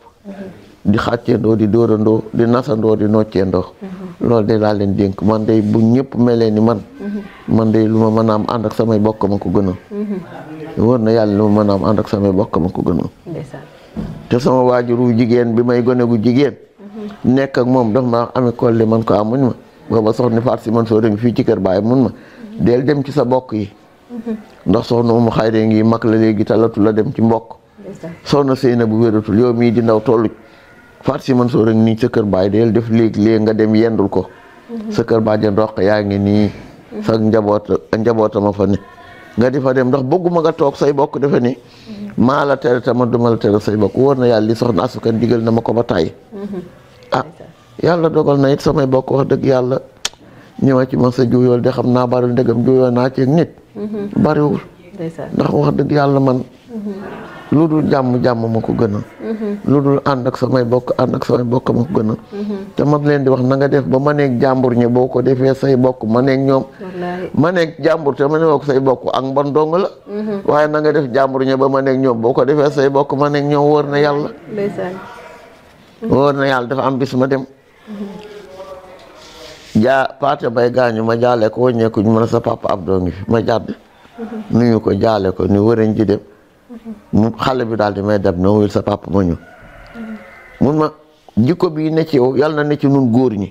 di xàcceendoo di dóorandoo di nasandoo di nocceendoo mm-hmm. loolu de laa leen dénk man day bu ñëpp melee ni man mm-hmm. man de lu ma mën am ànd ak samay bokk ko gënal mm-hmm. na yàlla lu ma am ànd ak ko gënal te sama waajuru jigéen bi may gone gu jigéen nekk ak moom dafa ma amee kolle man ko amuñ ma booba soxna faat si man soo dégg fii ci kër baay mun ma del dem ci sa bokk yi ndax soxna umu xayre ngi mag la léegi talatu a dem ci mbokk soxna sëy bu wératul yow mii di ndaw tollu Farsi si Mansour a ngi nii sa kër baay del def leg léegi nga dem yendul ko sa kër bàjjen roq yaa ngi ni sa njabot ma fa ne nga di fa dem ndax bëgguma nga tok say bokk defe ni mala tere tama duma la tere say bokk worna yalla li soxna asuka digal na mako ba tay ah yalla dogal na it sama bokk wax deug yalla ñëwa ci sa juuyool de xamna baral degam ndegam ci nit mhm. ndax wax deug yalla man lu dul jàmm jàmm ma ko gën mm-hmm. lu dul ànd ak samay bokk ànd ak samay bokk ma ko gën a mm-hmm. te ma leen di wax na nga def ba ma nekk jàmbur ñi boo ko defee say bokk ma neeg ñoom ma neeg jàmbur te ma neeg say bokk ak mbon dong la mm-hmm. waaye na def jàmbur ñi ba ma nekk ñoom boo ko defee say bokk ma neeg ñoom wóor na yàlla wóor na yàlla dafa am bis ma dem jaa paate bay gaañu ma jaale ko wëññeeku ñu mën a sa papa Abdou ngi fi ma jàdd nuyu ko jaale ko ni wërañ ji dem mu xale bi daal di may dab no wil sa papa ma ñëw mun ma jikko bii ne ci yow yàlla na ne ci nun góor ñi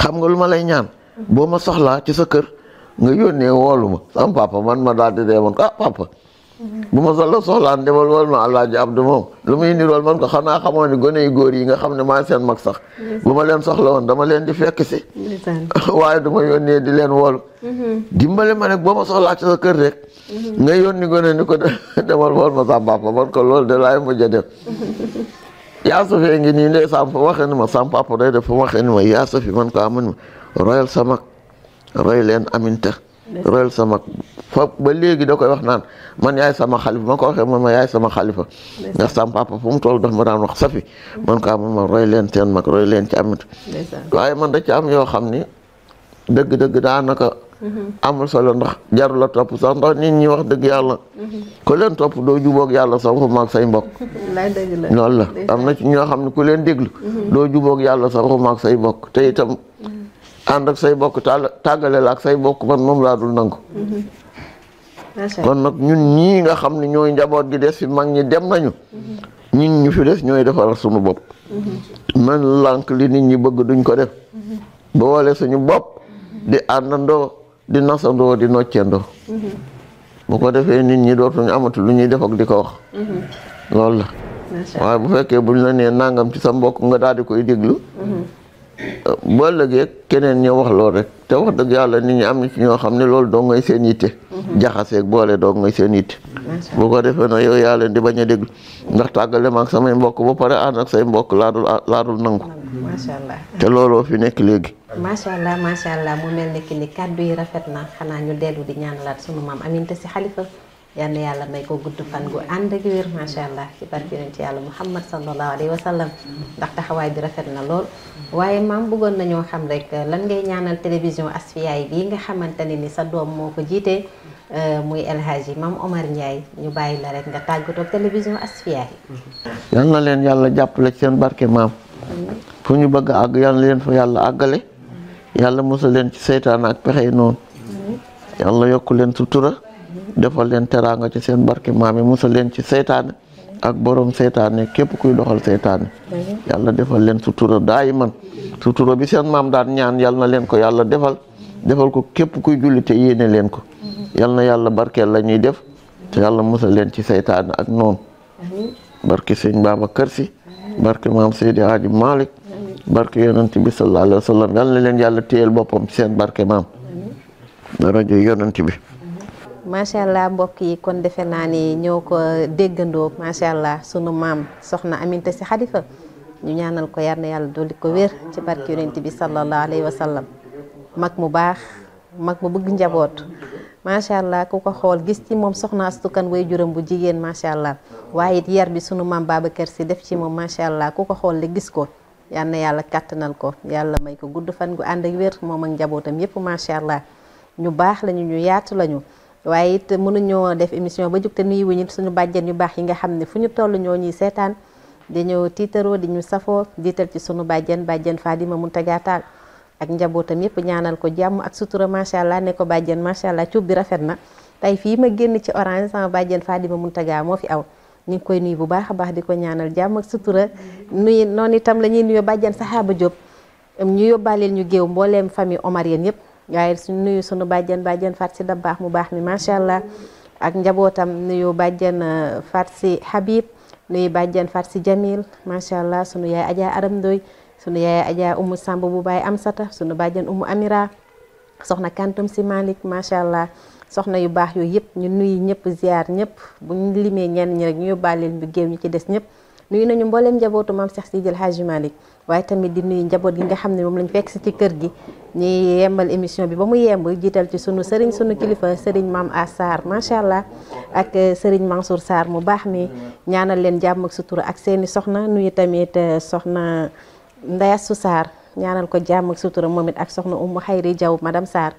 xam nga lu ma lay ñaan boo ma soxlaa ci sa kër nga yónnee woolu ma sama papa man ma daal di dee man ah papa bu ma soxla soxlaan demal wal ma Alaaji Abdu moom lu muy nirool man ko xanaa xamoo ni gone yu góor yi nga xam ne maa seen mag sax bu ma leen soxla woon dama leen di fekk si waaye du ma yónnee di leen woolu mm-hmm. dimbale ma rek boo ma soxlaa ci sa rek mm-hmm. nga yónni gone ni ko demal wol ma sa papa man ko loolu de laay mujj a def yaasu fee ngi nii ndey sam fa waxee ma sam papa day def fa waxee ni ma yaasu fi man ko amun ma royal sa mag roy aminta royal sama fa ba léegi da koy wax naan man yaay sama xalifa ma ko waxee man ma yaay sama xalifa ndax sama papa fu mu toll daf ma daan wax safi man ko man ma roy leen seen mag roy leen ci amit waaye man da ci am yoo xam ni dëgg-dëgg daanaka mhm. amul solo ndax jarul la topp sax ndax nit ñi wax dëgg yàlla mhm. ku leen topp doo jubóog yàlla sax waxuma say mbokk loolu la am na ci ñoo xam ne ku leen déglu mhm. doo jubóog yàlla sax waxuma say mbokk te ànd ak say bokk tàggale la ak say bokk man moom laa dul nangu kon nag ñun ñii nga xam ne ñooy njaboot gi des fi mag ñi dem nañu ñun ñu fi des ñooy defaral suñu bopp man lank li nit ñi bëgg duñ ko def boole suñu bopp di àndandoo di nasandoo di noccandoo bu ko defee nit ñi dootuñu amatu lu ñuy def ak di ko wax loolu la waaye bu fekkee buñ la nee nangam ci sa mbokk nga daal di koy déglu bu ëllëgee keneen ñoo wax lool rek te wax dëgg yàlla nit ñi am na ci ñoo ne loolu doo ngay seen yitte mhm. jaxaseeg boole doo ngay seen yitte bu ko defee na yow yaa leen di bañ a déglu ndax tàggale ma ak samay mbokk ba pare ànd say mbokk laadul laadul nangu macha allah te looloo fi nekk léegi macha allah macha allah mu mel na xanaa ñu dellu di ñaanalaat sunu maam yal na yàlla may ko gudd fan gu ànd ak wér macha allah ci barke yonent yàlla Muhammad sallallahu alayhi wa sallam ndax taxawaay di rafet na lool. waaye maam bëggoon nañoo xam rek euh, lan ngay ñaanal télévision Asfiyahi bii nga xamante ne ni sa doom moo ko jiite euh, muy El yi maam Omar Ndiaye ñu bàyyi la rek nga tàggatoo télévision Asfiyahi. yal na leen yàlla jàppale ci seen barke maam. fu ñu bëgg a àgg yal na leen fa yàlla àggale. yàlla mosal leen ci seytaan ak pexe noonu. defal leen teraanga ci seen barke maam yi musal leen ci seytaane ak borom seytaane képp kuy doxal seytaane yàlla defal leen sutura daayi man sutura bi seen maam daan ñaan yal na leen ko yàlla defal defal ko képp kuy julli te leen ko yal na yàlla barkeel la ñuy def te yàlla musal leen ci seytaane ak noon barke sëñ Babacar Si barke maam Seydi Hadji Malick barke yonent bi sallallahu alayhi wa sallam yal leen yàlla téyel boppam seen barke maam daraja yonent bi macha allah mbokk yi kon defé naa ni ko déggandoo macha allah sunu sohna soxna aminta si xalifa ñu ñaanal ko yarna yalla do liko ko ci barki yonent bi sallallahu alayhi wa sallam mak mu baax mak mu bëgg njaboot macha allah ku ko xol gis ci mom soxna astukan way juram bu allah yar bi suñu mam babakar si def ci moom macha allah ku ko xol le gis ko yarna yalla yàlla ko yalla may ko gudd fan gu and ak wër mom ak njabotam yépp allah ñu baax lañu ñu yaatu lañu waye it ñoo def émission ba juk té nuyu wuñu suñu bajjan yu bax yi nga xamné fuñu tollu ñoo ñi ñoo di seetaan titéro di ñu di jiital ci suñu bajjan bajjan Fadima Muntaga Tall ak njabotam yépp ñaanal ko jamm ak sutura macha allah ko bàjjen macha allah bi rafetna tay fi ma génn ci orange sama bajjan Fadima Muntaga mo fi aw ñi ngi koy nuyu bu baax baax diko ñaanal jamm ak sutura nuyu noni tam lañuy nuyu bajjan Sahaba job ñu yobale ñu gëw famille Omar yépp waaye su nuyu sunu bajjan bajjan Farsi si dabbaax mu baax mi macha allah ak njabotam nuyu bajjan eh, farsi Habib nuyu bajjan Farsi Jamil macha allah sunu yaay aja adam doy sunu yaay aja ummu sambu bu am Amsata sunu bajjan Umu Amira soxna kantum si Malik macha allah soxna yu bax yu yep ñu nuyu ñep ziar ñep bu ñu limé ñen ñi rek ñu balel bi geew ñu ci des ñep nuyu nañu mbooleem njabotu mam Cheikh Sidil haji Malik waye tamit di nuyu njabot gi nga xamne mom lañu fekk si ci kër gi ñi yembal émission bi ba mu yemb jital ci sunu sëriñ sunu kilifa sëriñ mam a Sarr allah ak euh, sëriñ Mansour sar mu bax ni ñaanal leen jamm ak sutura ak seeni soxna nuyu tamit euh, soxna Ndayasu sar ñaanal ko jamm ak sutura momit ak soxna Umu khayri Jaw madame sar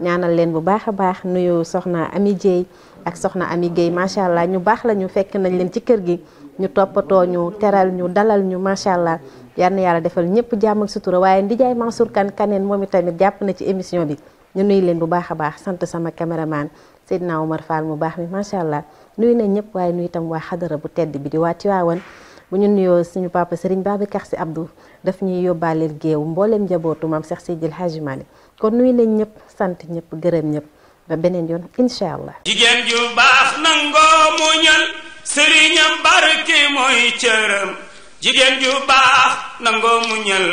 ñaanal leen bu baaxa baax nuyu soxna Ami jey ak soxna Ami Gueye macha allah ñu bax lañu fekk nañ leen ci kër gi ñu topato ñu teral ñu dalal ñu macha allah. yal na yàlla defal ñëpp jàmm ak sutura waaye Ndijaay Mansour Kane Kaneen moom itamit jàpp na ci émission bi ñu nuyu leen bu baax a baax sant sama caméraman Seydina Omar Fall mu baax mi macha allah nuyu nañ ñëpp waaye nuyu tam waa xadara bu tedd bi di waa Tiwaawan bu ñu nuyoo suñu papa Serigne Babacar Sy Abdou daf ñuy yóbbaaleel géew mbooleem njabootu maam Cheikh Seydil Hadji Malick kon nuyu nañ ñëpp sant ñëpp gërëm ñëpp ba beneen yoon incha allah. jigéen ju baax jigéen ju baax nangoo muñal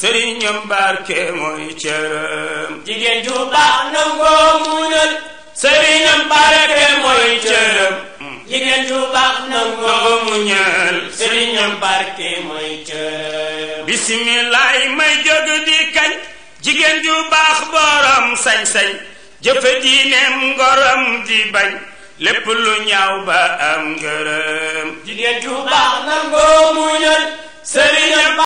sëriñam barke mooy cëram jigéen ju baax nangoo muñal sëriñam baax nangoo mooy cëram bisimilaay may jóg di kañ jigéen ju baax borom sañ-sañ jëfe diineem ngoram di bañ lépp lu ñaaw ba am ngërëm jigéen ju baax nangoo muñal sëriñam